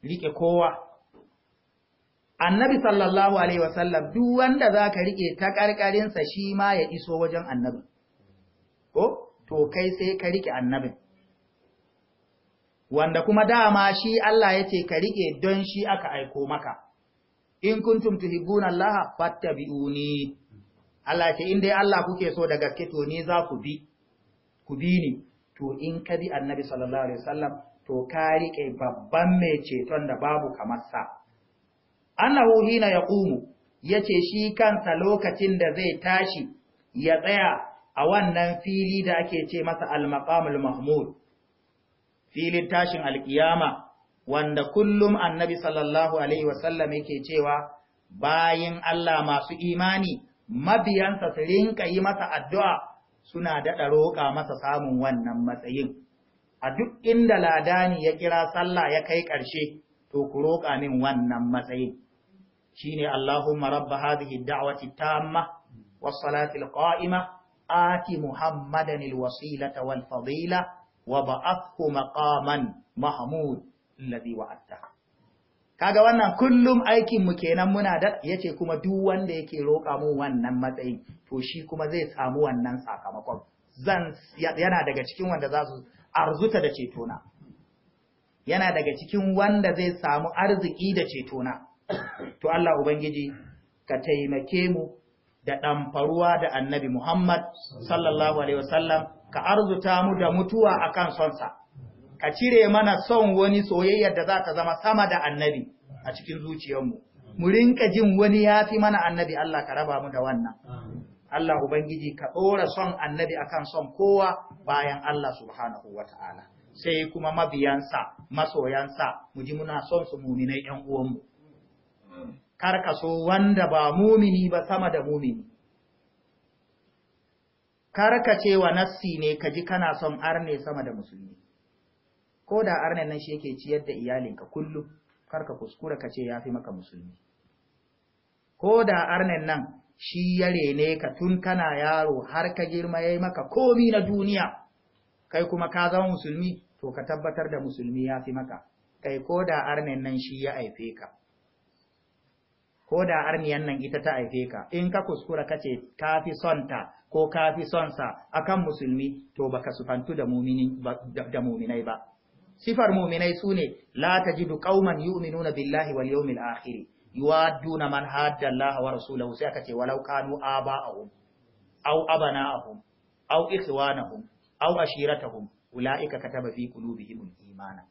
rike kowa annabi sallallahu alaihi wasallam duk wanda zaka rike ta karkarin shi ma ya iso wajen annabi ko to kai sai ka rike annabin wanda kuma dama shi Allah yace ka rike don shi aka aiko maka in kuntum tuhibbuna Allah fattabi'uni Allah ce in dai Allah kuke so da gaske to ni za ku bi ku bi ni to in ka bi annabi sallallahu alaihi wasallam to ka riƙe babban mai ceton da babu kamar sa Ana annahu hina yaqumu yace shi kansa lokacin da zai tashi ya tsaya a wannan fili da ake ce masa al mahmud filin tashin alkiyama wanda kullum annabi sallallahu alaihi wasallam yake cewa bayin Allah masu imani mabiyansa su rinka yi masa addu'a suna daɗa roƙa masa samun wannan matsayin a duk inda ladani ya kira sallah ya kai ƙarshe to ku roƙa min wannan matsayin shine Allahumma rabba hadhihi ad-da'wati tamma was-salati al-qa'ima ati Muhammadan al-wasilata wal-fadila wa ba'athu maqaman mahmud alladhi wa'adta kaga wannan kullum aikin mu kenan muna da yace kuma duk wanda yake roƙa mu wannan matsayin to shi kuma zai samu wannan sakamakon zan yana daga cikin wanda za su arzuta da cetona yana daga cikin wanda zai samu arziki da cetona to Allah ubangiji ka taimake mu da ɗamfaruwa da annabi Muhammad sallallahu alaihi wasallam ka arzuta mu da mutuwa akan sonsa ka cire mana son wani soyayyar da zaka zama sama da annabi a cikin zuciyarmu mu rinka jin wani yafi mana annabi Allah ka raba mu da wannan Allah Ubangiji ka ɗora son annabi akan son kowa bayan Allah subhanahu wa ta'ala, sai kuma mabiyansa, masoyansa, mu ji muna son su muminai ‘yan uwanmu. Kar so wanda ba mumini ba sama da mumini. Kar ka ce wa nassi ne ka ji kana son arne sama da musulmi. Ko da arne nan shi yake ciyar da iyalinka kullum, kar ka kuskura ka ce ya fi maka musulmi. Ko da arnen nan shi ya rene ka tun kana yaro har ka girma ya maka komi na duniya kai kuma ka zama musulmi to ka tabbatar da musulmi ya fi maka kai ko da arnen nan shi ya haife ka ko da arniyan nan ita ta haife ka in ka kuskura kace ce ka fi son ko ka fi son sa akan musulmi to baka sufantu da muminai ba sifar muminai sune la tajidu qauman yu'minuna billahi wal yawmil akhiri yuwadduna man hadda Allah wa rasulahu sai aka ce walau kanu aba'ahum aw abana'ahum aw ikhwanahum aw ashiratahum ulaika kataba fi qulubihim imana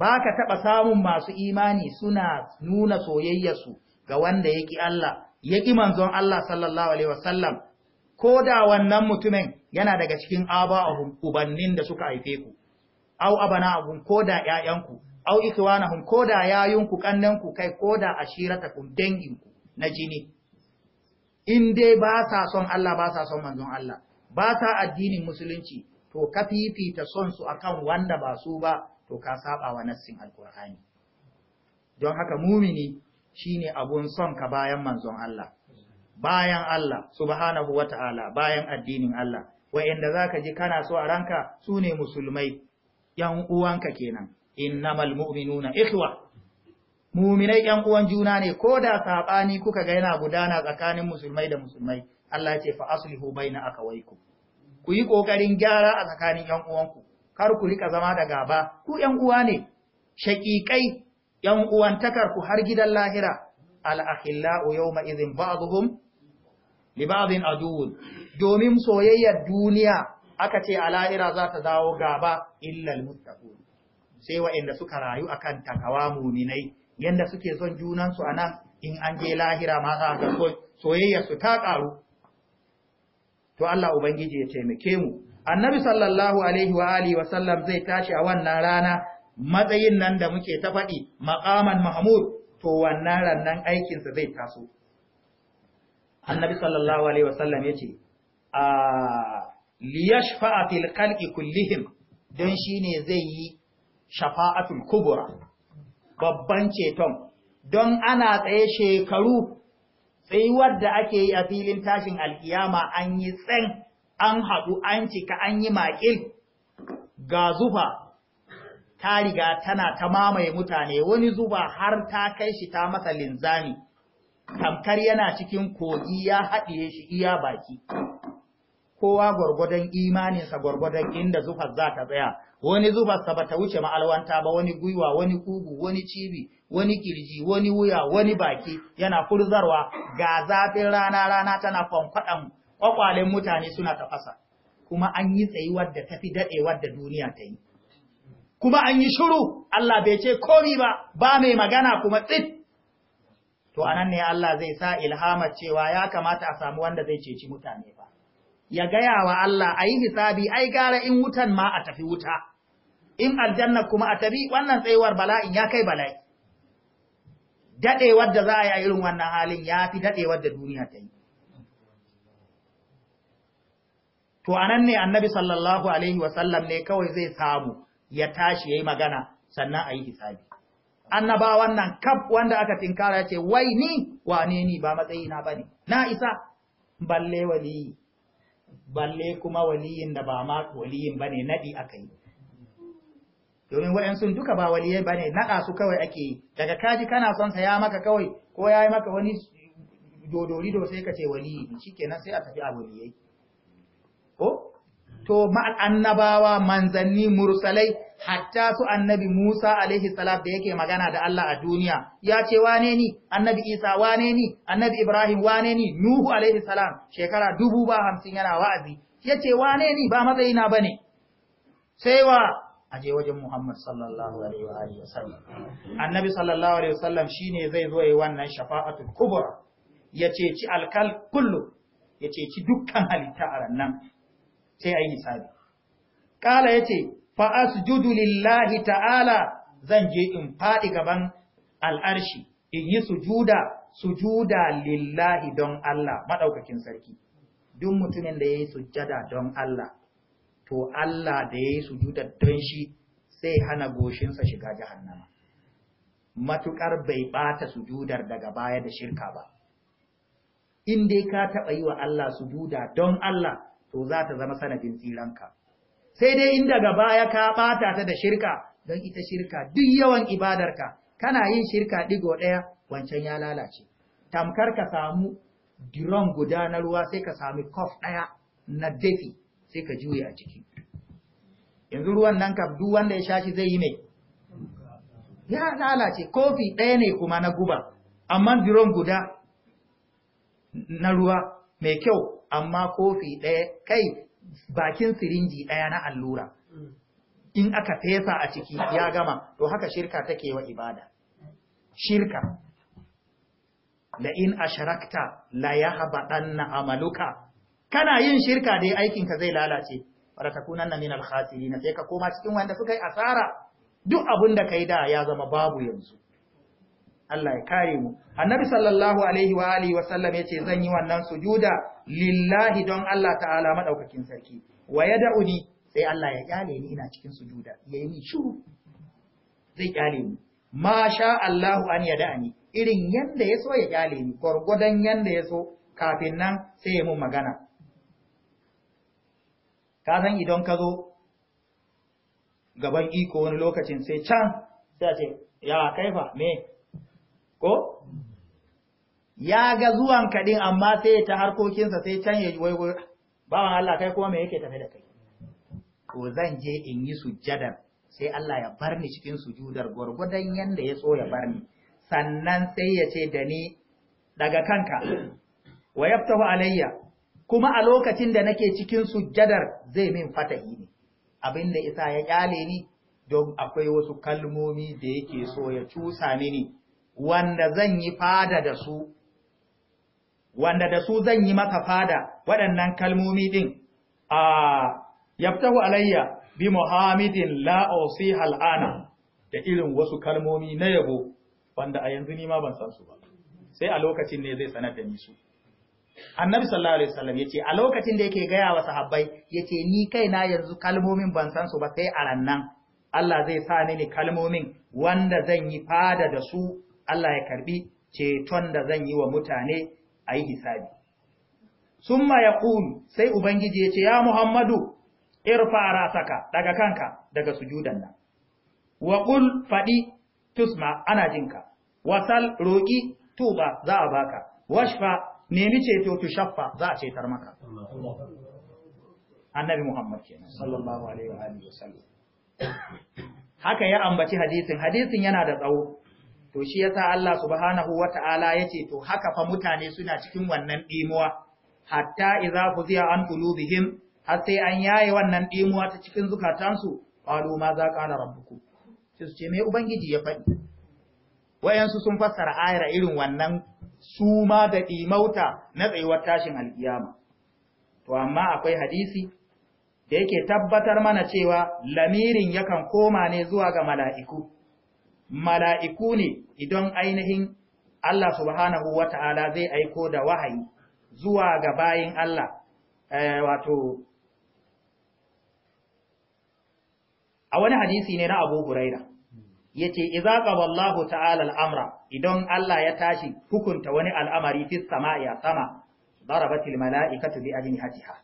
baka taba samun masu imani suna nuna soyayyarsu ga wanda yaki Allah yaki manzon Allah sallallahu alaihi wasallam ko da wannan mutumin yana daga cikin aba'ahum ubannin da suka haife ku aw abana'ahum ko da ƴaƴanku au ikwanahum koda yayunku kannanku kai koda ashiratakum danginku na jini in dai ba sa son Allah ba sa son manzon Allah ba sa addinin musulunci to ka fifita son su akan wanda ba su ba to ka saba wa nassin alqur'ani don haka mumini shine abun son ka bayan manzon Allah bayan Allah subhanahu wata'ala bayan addinin Allah wa'anda zaka ji kana so a ranka sune musulmai yan uwanka kenan innamal mu'minuna ikhwa mu'minai yan uwan juna ne ko da sabani kuka ga yana gudana tsakanin musulmai da musulmai Allah ya ce fa aslihu baina akawaykum ku yi kokarin gyara a tsakanin yan uwanku kar ku rika zama da gaba ku yan uwa ne shaqiqai yan uwan takar ku har gidan lahira al akhillau yawma idhin ba'dhum li ba'dhin aduwwun domin soyayyar duniya aka ce a lahira za ta dawo gaba illal muttaqun sai waɗanda suka rayu a kan takawa muminai yadda suke son junansu a nan in an je lahira ma za ga soyayya su ta ƙaru to Allah ubangiji ya taimake mu annabi sallallahu alaihi wa alihi wa sallam zai tashi a wannan rana matsayin nan da muke ta faɗi maqaman mahmud to wannan rannan aikinsa zai taso annabi sallallahu alaihi wasallam ya ce a ah, liyashfa'a fil kullihim don shi ne zai yi shafa'atul kubura babban ceton don ana tsaye shekaru tsayuwar da ake yi a filin tashin alkiyama an yi tsen an haɗu an cika an yi maƙil ga zufa ta riga tana ta mamaye mutane wani zuba har ta kai shi ta masa linzami Kamkar yana cikin kogi ya haɗiye shi iya baki kowa gwargwadon imaninsa gwargwadon inda zufar za ta tsaya wani zubar sa ta wuce ma'alwanta ba wani gwiwa wani kugu wani cibi wani kirji wani wuya wani baki yana furzarwa ga zafin rana rana tana kwankwaɗan kwakwalen mutane suna tafasa kuma an yi tsayuwar da tafi daɗewar da duniya ta yi kuma an yi shiru Allah bai ce komi ba ba mai magana kuma tsit to anan ne Allah zai sa ilhama cewa ya kamata a samu wanda zai ceci mutane ba ya gaya wa Allah a yi hisabi ai gara in wutan ma a tafi wuta in aljanna kuma a tabi wannan tsayuwar bala'in ya kai bala'i daɗewar da za a yi a irin wannan halin ya fi daɗewar da duniya ta yi to anan ne annabi sallallahu alaihi wasallam ne kawai zai samu ya tashi ya yi magana sannan a yi hisabi annabawan nan kaf wanda aka tinkara ce wai ni wane ni ba matsayina ba ne na isa balle waliyi balle kuma waliyin da ba ma waliyin ba ne naɗi aka yi domin waɗansu duka ba wani ba ne naɗa su kawai ake yi daga kaji kana son sa ya maka kawai ko ya yi maka wani do sai ka ce waliyi shi kenan sai a tafi a waliyai ko to ma'al annabawa manzanni mursalai hatta su annabi Musa alaihi salam da yake magana da Allah a duniya ya ce wane ni annabi Isa wane ni annabi Ibrahim wane ni Nuhu alaihi salam shekara dubu ba hamsin yana wa'azi ya ce wane ni ba matsayina ba ne sai wa aje wajen Muhammad sallallahu alaihi wa sallam annabi sallallahu alaihi wasallam shine zai zo yi wannan shafa'atul kubra ya ceci alkal kullu ya ceci dukkan halitta a rannan sai ayi hisabi kala yace fa asjudu lillahi ta'ala zan je in faɗi gaban al'arshi in yi sujuda sujuda lillahi don Allah maɗaukakin sarki duk mutumin da yayi sujjada don Allah to Allah da ya yi sujuda don shi sai hana goshinsa shiga jahannama Matuƙar bai bata sujudar daga baya da shirka ba in dai ka taɓa yi wa Allah sujuda don Allah to za ta zama sanadin tsiranka sai dai in daga baya ka ɓata ta da shirka don ita shirka duk yawan ibadarka kana yin shirka ɗigo ɗaya wancan ya lalace tamkar ka samu diron guda na ruwa sai ka sami kof ɗaya na dafi sai ka juye a ciki yanzu ruwan nan kam duk wanda ya sha shi zai yi mai ya lalace kofi ɗaya ne kuma na guba amma biron guda na ruwa mai kyau amma kofi ɗaya kai bakin sirinji ɗaya na allura in aka fesa a ciki ya gama to haka shirka take wa ibada shirka la in asharakta la yahbatanna amaluka kana yin shirka dai aikinka zai lalace faratakunan na minal khasirin sai ka koma cikin wanda suka yi asara duk abin da kai da ya zama babu yanzu Allah ya kare mu annabi sallallahu alaihi wa alihi wa sallam yace zan yi wannan sujuda lillahi don Allah ta'ala madaukakin sarki wa yad'uni sai Allah ya kyale ni ina cikin sujuda yayi ni shu zai kyale ni ma sha Allah an yad'ani irin yanda yaso ya kyale ni gurgudan yanda yaso kafin nan sai ya mun magana ka san idan ka zo gaban iko wani lokacin sai can sai ce ya kaifa me ko ya ga zuwan kadin amma sai ta harkokinsa sai can ya waiwai bawan Allah kai kuma me yake tafe da kai Ko zan je in yi sujjadar sai Allah ya bar ni cikin sujudar gwargwadon yanda ya so ya bar ni sannan sai ya ce da ni daga kanka wa yaftahu alayya kuma a lokacin da nake cikin sujjadar zai min fatahi ne abin da isa ya kyale ni don akwai wasu kalmomi da yake so ya cusa mini wanda zan yi fada da su wanda da su zan yi maka fada waɗannan kalmomi din a yaftahu alayya bi muhammadin la usiha al'ana da irin wasu kalmomi na yabo wanda a yanzu ni ma ban san su ba sai a lokacin ne zai sanar da ni su annabi sallallahu alaihi wasallam yace a lokacin da yake gaya wa sahabbai yace ni kai na yanzu kalmomin ban san su ba sai a rannan Allah zai sa ni kalmomin wanda zan yi fada da su Allah ya karbi ceton da zan yi wa mutane ayi hisabi summa yaqulu sai ubangiji yace ya muhammadu irfa rasaka daga kanka daga sujudan nan wa qul fadi tusma ana jinka wasal roƙi, tuba za a baka washfa nemi ceto tu shaffa za a cetar maka annabi Muhammad nan. sallallahu alaihi wa alihi wasallam haka ya ambaci hadisin hadisin yana da tsawo to shi yasa Allah subhanahu wata'ala yace to haka fa mutane suna cikin wannan dimuwa hatta idza fuziya an qulubihim har sai an yaye wannan dimuwa ta cikin zukatansu qalu ma za qala rabbukum sai su ce me ubangiji ya faɗi wayansu sun fassara ayar irin wannan suma da imauta na tsayuwar tashin alkiyama to amma akwai hadisi da yake tabbatar mana cewa lamirin yakan koma ne zuwa ga mala'iku mala'iku ne idan ainihin Allah subhanahu wata'ala zai aiko da wahayi zuwa ga bayin Allah eh, wato a wani hadisi ne na Abu Huraira yace idza qaballahu ta'ala al-amra idan Allah ya tashi hukunta wani al'amari fi sama'i sama darabatil mala'ikatu bi ajnihatiha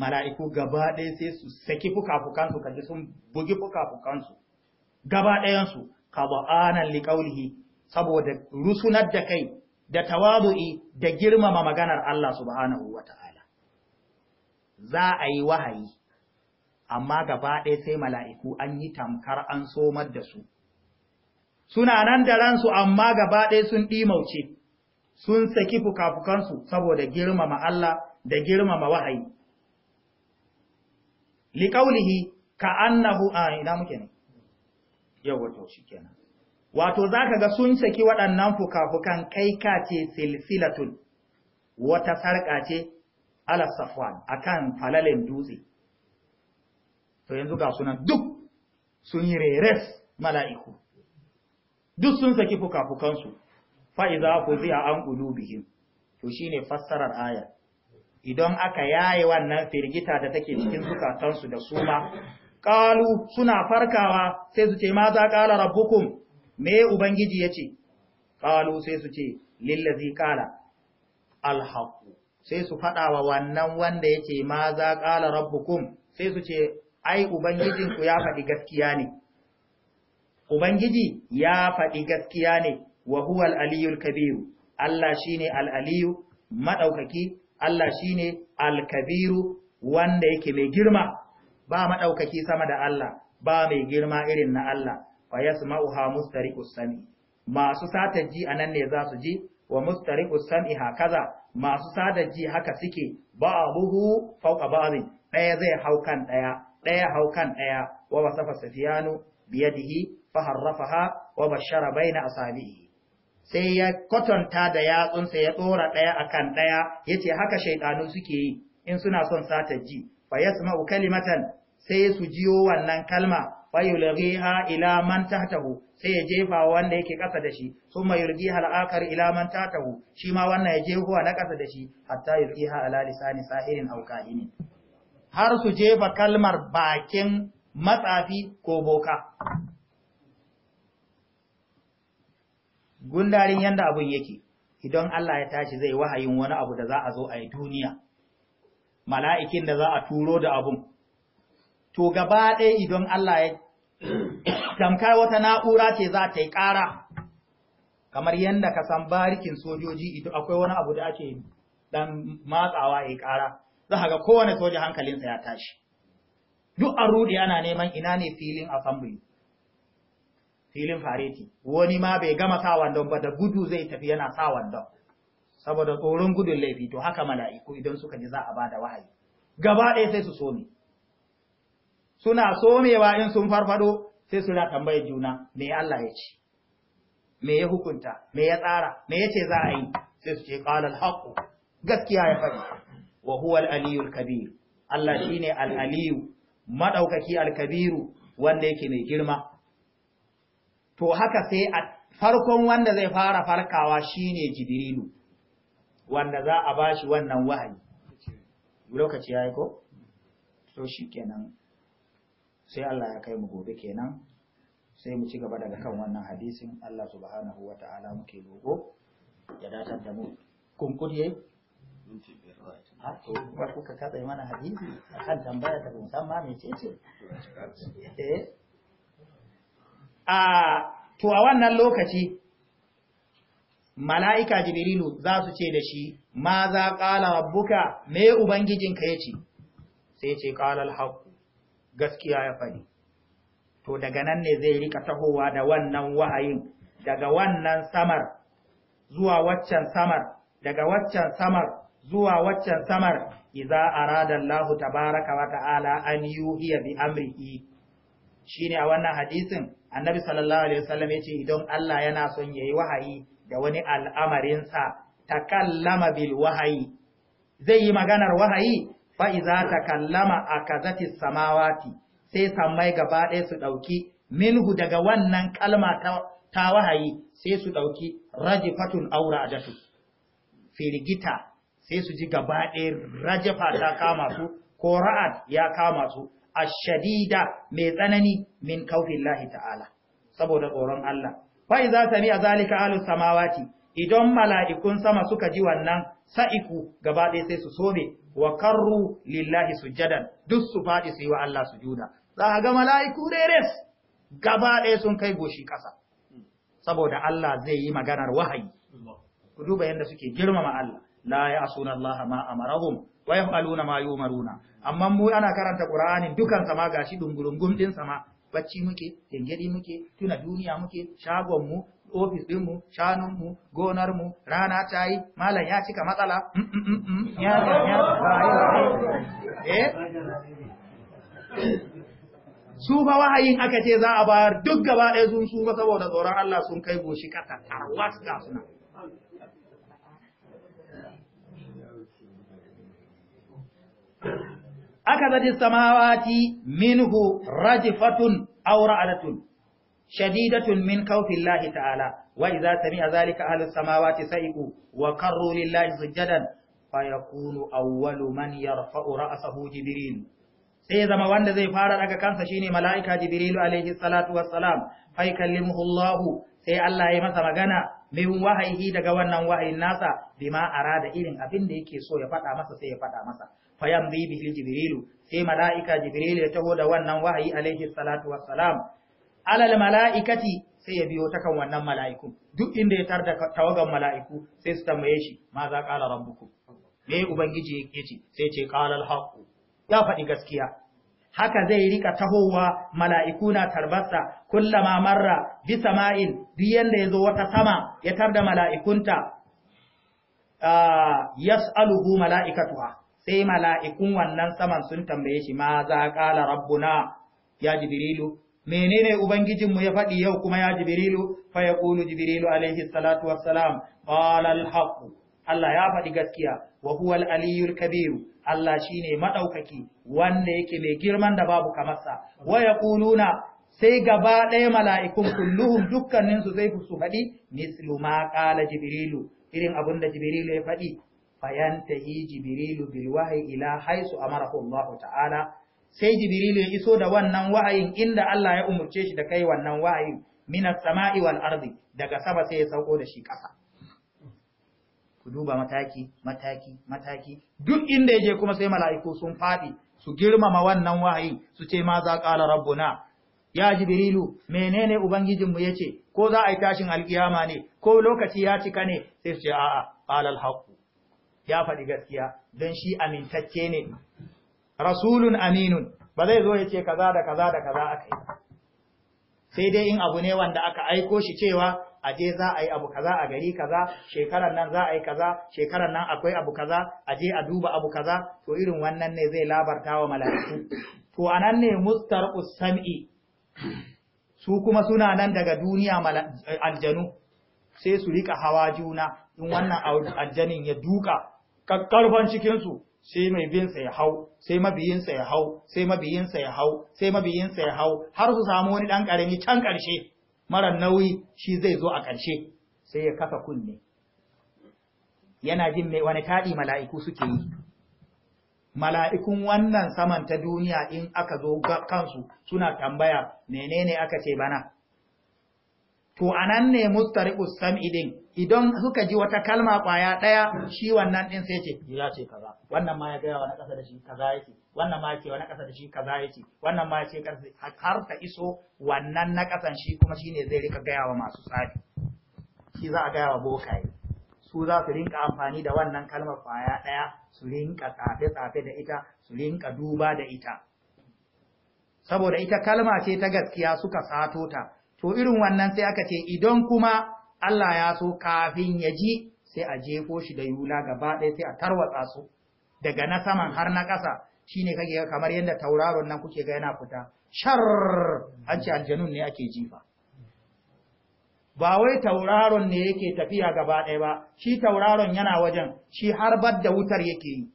mala'iku gaba ɗaya sai su saki fuka-fukansu kaje sun bugi fuka-fukansu gaba ɗayansu li qawlihi saboda rusunar da kai da tawadu'i da girmama maganar Allah subhanahu wa ta'ala za a yi wahayi amma gaba ɗaya sai mala'iku an yi tamkar an somar da su suna nan da ransu amma gaba ɗaya sun ɗimauce sun saki fukafukansu saboda girmama Allah da girmama wahayi liƙaulihi ka annahu a ina muke ne yau wato shi wato za ka ga sun saki waɗannan fukafukan kai ka ce silsilatun wata sarƙa ce ala safwan akan falalin dutse to yanzu ga suna duk sun yi reres mala'iku duk sun saki fuka-fukansu fa'iza ku zai an bihin, to shi ne fassarar ayar idan aka yaye wannan firgita da take cikin zukatansu da suma ƙalu suna farkawa sai su ce ma za ƙala rabukun me ubangiji ya ce ƙalu sai su ce lillazi ƙala alhaku sai su faɗawa wannan wanda yake maza ƙala rabukun sai su ce ai ubangijinku ya faɗi gaskiya ne ubangiji ya faɗi gaskiya ne wa huwa al-aliyul kabir Allah shine al al'aliyu madaukaki Allah shine al-kabiru wanda yake mai girma ba maɗaukaki sama da Allah ba mai girma irin na Allah fa ha mustariqus sami masu sata ji nan ne za su ji wa mustariqus sam'i hakaza masu sata ji haka suke ba'abuhu fawqa ba'dhin daya zai hau kan ɗaya. ɗaya haukan ɗaya wa wasafa safiyanu biyadihi fa harrafaha wa bashara baina asabihi sai ya kotonta da yatsunsa ya tsora ɗaya akan ɗaya yace haka shaytanu suke yi in suna son sata ji fa yasma'u kalimatan sai su jiyo wannan kalma fa yulghiha ila man tahtahu sai ya jefa wanda yake kasa da shi kuma yulghiha al-akhar ila man tahtahu shi ma wannan ya jefa na kasa da shi hatta yulghiha ala lisani sahirin aw kahinin har su jefa kalmar bakin matsafi ko boka gundarin yanda abun yake idan Allah ya tashi zai wahayin wani abu da za a zo a yi duniya mala'ikin da za a turo da abun to gaba ɗaya idan Allah ya tamkar wata na'ura ce za ta yi ƙara kamar yadda ka san barikin sojoji idan akwai wani abu da ake ɗan matsawa ya ƙara za ka ga kowane soja hankalinsa ya tashi duk a rudi ana neman ina ne filin assembly filin fareti wani ma bai gama sa wandon ba da gudu zai tafi yana sa wandon saboda tsoron gudun laifi to haka mala'iku idan suka ji za a ba da wahayi gaba ɗaya sai su some suna somewa in sun farfado sai suna tambayar juna me Allah ya ce me ya hukunta me ya tsara me ya ce za a yi sai su ce qalal haqu gaskiya ya faɗi wa huwa al-aliyu al-kabir Allah shine al-aliyu madaukaki al-kabiru wanda yake mai girma to haka sai a farkon wanda zai fara farkawa shine jibrilu wanda za a bashi wannan wahayi lokaci yayi ko to shikenan sai Allah ya kai mu gobe kenan sai mu ci gaba daga kan wannan hadisin Allah subhanahu wataala muke dogo. ya datar da mu kunkuri yayi kuma kuka katse mana hadisi kan tambaya da ban ma mece eh. a to a wannan lokaci mala'ika Jibirilu za su ce da shi ma za ƙala buka me ubangijinka ce? sai ce qala al gaskiya ya faɗi. to daga nan ne zai rika tahowa da wannan wahayin daga wannan samar zuwa waccan samar daga waccan samar zuwa waccan samar iza, arada Allahu tabaraka wa ta'ala an yuhiya bi amrihi shine a wannan hadisin annabi sallallahu alaihi wasallam yace idan Allah yana son yayi wahayi da wani al'amarin sa takallama bil wahayi zai yi maganar wahayi fa idza takallama akazati samawati sai sammai gaba ɗaya su dauki minhu daga wannan kalma ta, ta wahayi sai su dauki rajifatun aura ajatu firgita sai su ji gaba ɗaya rajafa ta kama su ko ra'ad ya kama su a shadida mai tsanani min kaufillahi ta'ala saboda tsoron Allah za ta bi a zalika alus samawati idan mala'ikun sama suka ji wannan sa'iku gaba ɗaya sai su sobe wa karru lillahi jadan, duk su faɗi su yi wa Allah juna. za a ga mala'iku reres gaba ɗaya sun kai goshi ƙasa saboda Allah zai yi maganar wahayi ku duba yadda suke girmama Allah la asuna Allah ma amarahum wa yaf'aluna ma yumaruna amma mu ana karanta Qur'ani dukan sama gashi dungulungun din sama bacci muke gengedi muke tuna duniya muke shagon mu ofis din mu shanun mu gonar mu rana ta yi malam ya cika matsala mm, mm, mm, ya ga ya eh su ba wahayin aka ce za a bayar duk gaba ɗaya sun su ba saboda tsoron Allah sun kai goshi kasa tarwas ga suna aka zaji samawati minhu rajifatun aw ra'adatun shadidatun min khawfillahi ta'ala wa idza sami'a zalika ahlus samawati sa'iqu wa qarru lillahi sujadan fayakunu awwalu man yarfa'u ra'sahu jibril sai zama wanda zai fara daga kansa shine mala'ika jibril alaihi salatu wassalam fa yakallimuhu Allah sai Allah ya masa magana min wahayi daga wannan wahayin nasa bima arada irin abin da yake so ya faɗa masa sai ya faɗa masa Fayam fayan bihi jibrilu sai mala'ika jibril ya taho da wannan wahayi alaihi salatu wassalam alal mala'ikati sai ya biyo takan wannan mala'iku duk inda ya tarda tawagan mala'iku sai su tambaye shi ma za ƙara rabbukum me ubangiji yake ce sai ce al haqq ya faɗi gaskiya haka zai rika tahowa mala'iku na tarbasa, kullama marra bi sama'in duk yanda ya zo wata sama ya tarda mala'ikunta ah, yas'aluhu mala'ikatuha sai mala'ikun wannan saman sun tambaye shi ma za ƙala rabbuna ya jibrilu menene ubangijinmu ya faɗi yau kuma ya jibrilu fa ya ƙulu jibrilu alaihi salatu wassalam ƙala alhaƙu Allah ya faɗi gaskiya wa huwa aliyul kabiru Allah shine madaukaki wanda yake mai girman da babu kamarsa wa yaquluna sai gaba ɗaya mala'ikun kulluhum dukkaninsu zai fi su faɗi, mislu ma ƙala Jibrilu, irin abin da Jibrilu ya faɗi, fayantahi jibrilu bil wahyi ila haisu amarahu Allah ta'ala sai jibrilu ya iso da wannan wahayin inda Allah ya umurce shi da kai wannan wahayin minas sama'i wal ardi daga sama sai ya sauko da shi ƙasa ku duba mataki mataki mataki duk inda yaje kuma sai mala'iku sun fadi su girmama wannan wahayin su ce ma za qala rabbuna ya jibrilu menene ubangijin ubangijinmu yace ko za a yi tashin alkiyama ne ko lokaci ya cika ne sai su ce a'a qala al haqq ya faɗi gaskiya don shi amintacce ne rasulun aminun ba zai zo ya ce kaza da kaza da kaza aka yi sai dai in abu ne wanda aka aiko shi cewa a je za a yi abu kaza a gari kaza shekarar nan za a yi kaza shekarar nan akwai abu kaza a je a duba abu kaza to irin wannan ne zai labarta wa mala'iku to anan ne Mustar sam'i su kuma suna nan daga duniya aljanu sai su rika hawa juna in wannan aljanin ya duka kakkarfan cikinsu sai mai binsa ya hau sai mabiyinsa ya hau sai mabiyinsa ya hau sai mabiyinsa ya hau har su samu wani ɗan ƙarami can ƙarshe mara nauyi shi zai zo a ƙarshe sai ya kafa kunne yana jin mai wani taɗi mala'iku suke yi mala'ikun wannan saman ta duniya in aka zo kansu suna tambaya menene aka ce bana to anan ne mustariqus sam'i din idan suka ji wata kalma kwaya daya shi wannan din sai ce ya ce kaza wannan ma ya ga wani kasa da shi kaza yake wannan ma ce wani kasa da shi kaza yake wannan ma ce har ta iso wannan na kasan shi kuma shine zai rika gaya wa masu tsari shi za a ga yawa bokaye su za su rinka amfani da wannan kalma kwaya daya su rinka tsafe-tsafe da ita su rinka duba da ita saboda ita kalma ce ta gaskiya suka sato ta to irin wannan sai aka ce idan kuma Allah ya so kafin ya ji sai a jefo shi da yula gaba ɗaya sai a tarwatsa su daga na saman har na ƙasa shine kake kamar yadda tauraron nan kuke ga yana fita shar an ce aljanun ne ake jifa ba wai tauraron ne yake tafiya gaba ɗaya ba shi tauraron yana wajen shi harbar da wutar yake yi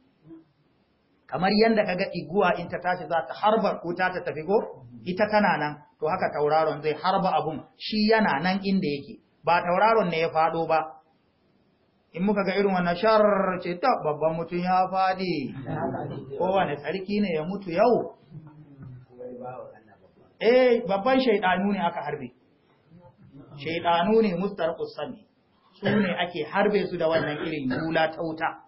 kamar yadda kaga iguwa in ta tashi za ta harbar wuta ta tafi ko ita tana nan to haka tauraron zai harba abun shi yana nan inda yake ba tauraron ne ya fado ba in muka ga irin wannan shar ce ta babban mutum ya fadi kowane sarki ne ya mutu yau eh babban shaidanu ne aka harbe shaidanu ne mustarqus sami su ne ake harbe su da wannan irin yula tauta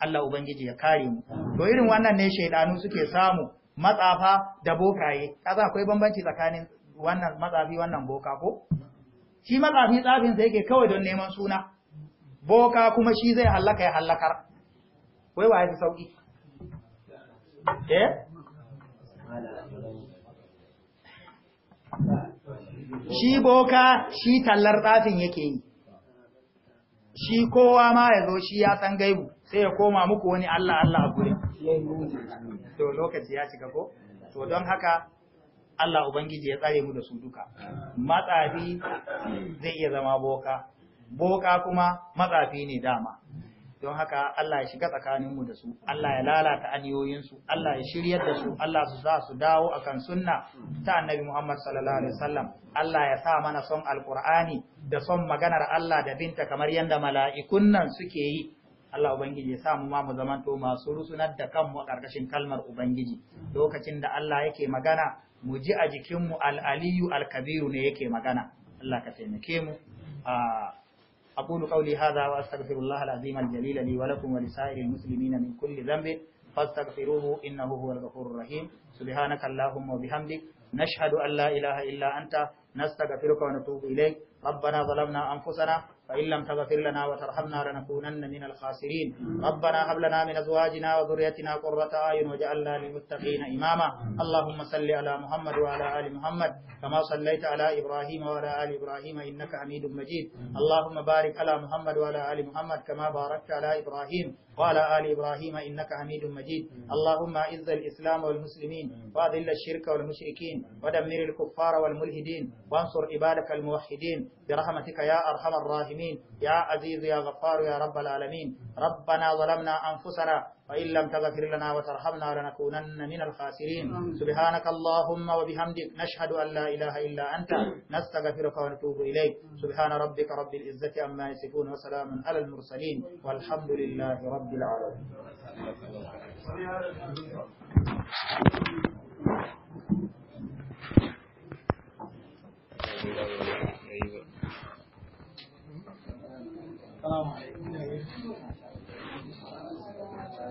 Allah ubangiji ya kare mu to irin wannan ne shaidanu suke samu matsafa da bokaye kaza akwai bambanci tsakanin wannan matsafi wannan boka ko shi matsafi tsafin sa yake kawai don neman suna boka kuma shi zai hallaka ya hallakar wai wa yafi sauki eh shi boka shi tallar tsafin yake yi shi kowa ma ya zo shi ya san gaibu sai ya koma muku wani Allah Allah a gurin to lokaci ya cika ko to don haka Allah ubangiji ya tsare mu da su duka matsafi zai iya zama boka boka kuma matsafi ne dama don haka Allah ya shiga tsakaninmu da su Allah ya lalata aniyoyinsu Allah ya shiryar da su Allah su za su dawo akan sunna ta annabi Muhammad sallallahu alaihi wasallam Allah ya sa mana son alqur'ani da son maganar Allah da binta kamar yadda mala'ikunan suke yi Allah Ubangiji ya samu ma mu zamanto masu rusunar da kanmu a ƙarƙashin kalmar Ubangiji lokacin da Allah yake magana mu ji a jikinmu al'aliyu alkabiru ne yake magana Allah ka taimake mu أقول قولي هذا وأستغفر الله العظيم الجليل لي ولكم ولسائر المسلمين من كل ذنب فاستغفروه إنه هو الغفور الرحيم سبحانك اللهم وبحمدك نشهد أن لا إله إلا أنت نستغفرك ونتوب إليك ربنا ظلمنا أنفسنا فإن لم تغفر لنا وترحمنا لنكونن من الخاسرين ربنا هب لنا من أزواجنا وذريتنا قرة أعين وجعلنا للمتقين إماما اللهم صل على محمد وعلى آل محمد كما صليت على إبراهيم وعلى آل إبراهيم إنك حميد مجيد اللهم بارك على محمد وعلى آل محمد كما باركت على إبراهيم وعلى آل إبراهيم إنك حميد مجيد اللهم أعز الإسلام والمسلمين وأذل الشرك والمشركين ودمر الكفار والملحدين وانصر عبادك الموحدين برحمتك يا أرحم الراحمين يا عزيز يا غفار يا رب العالمين ربنا ظلمنا أنفسنا فإن لم تغفر لنا وترحمنا لنكونن من الخاسرين سبحانك اللهم وبحمدك نشهد أن لا إله إلا أنت نستغفرك ونتوب إليك سبحان ربك رب العزة عما يصفون وسلام على المرسلين والحمد لله رب العالمين السلام عليكم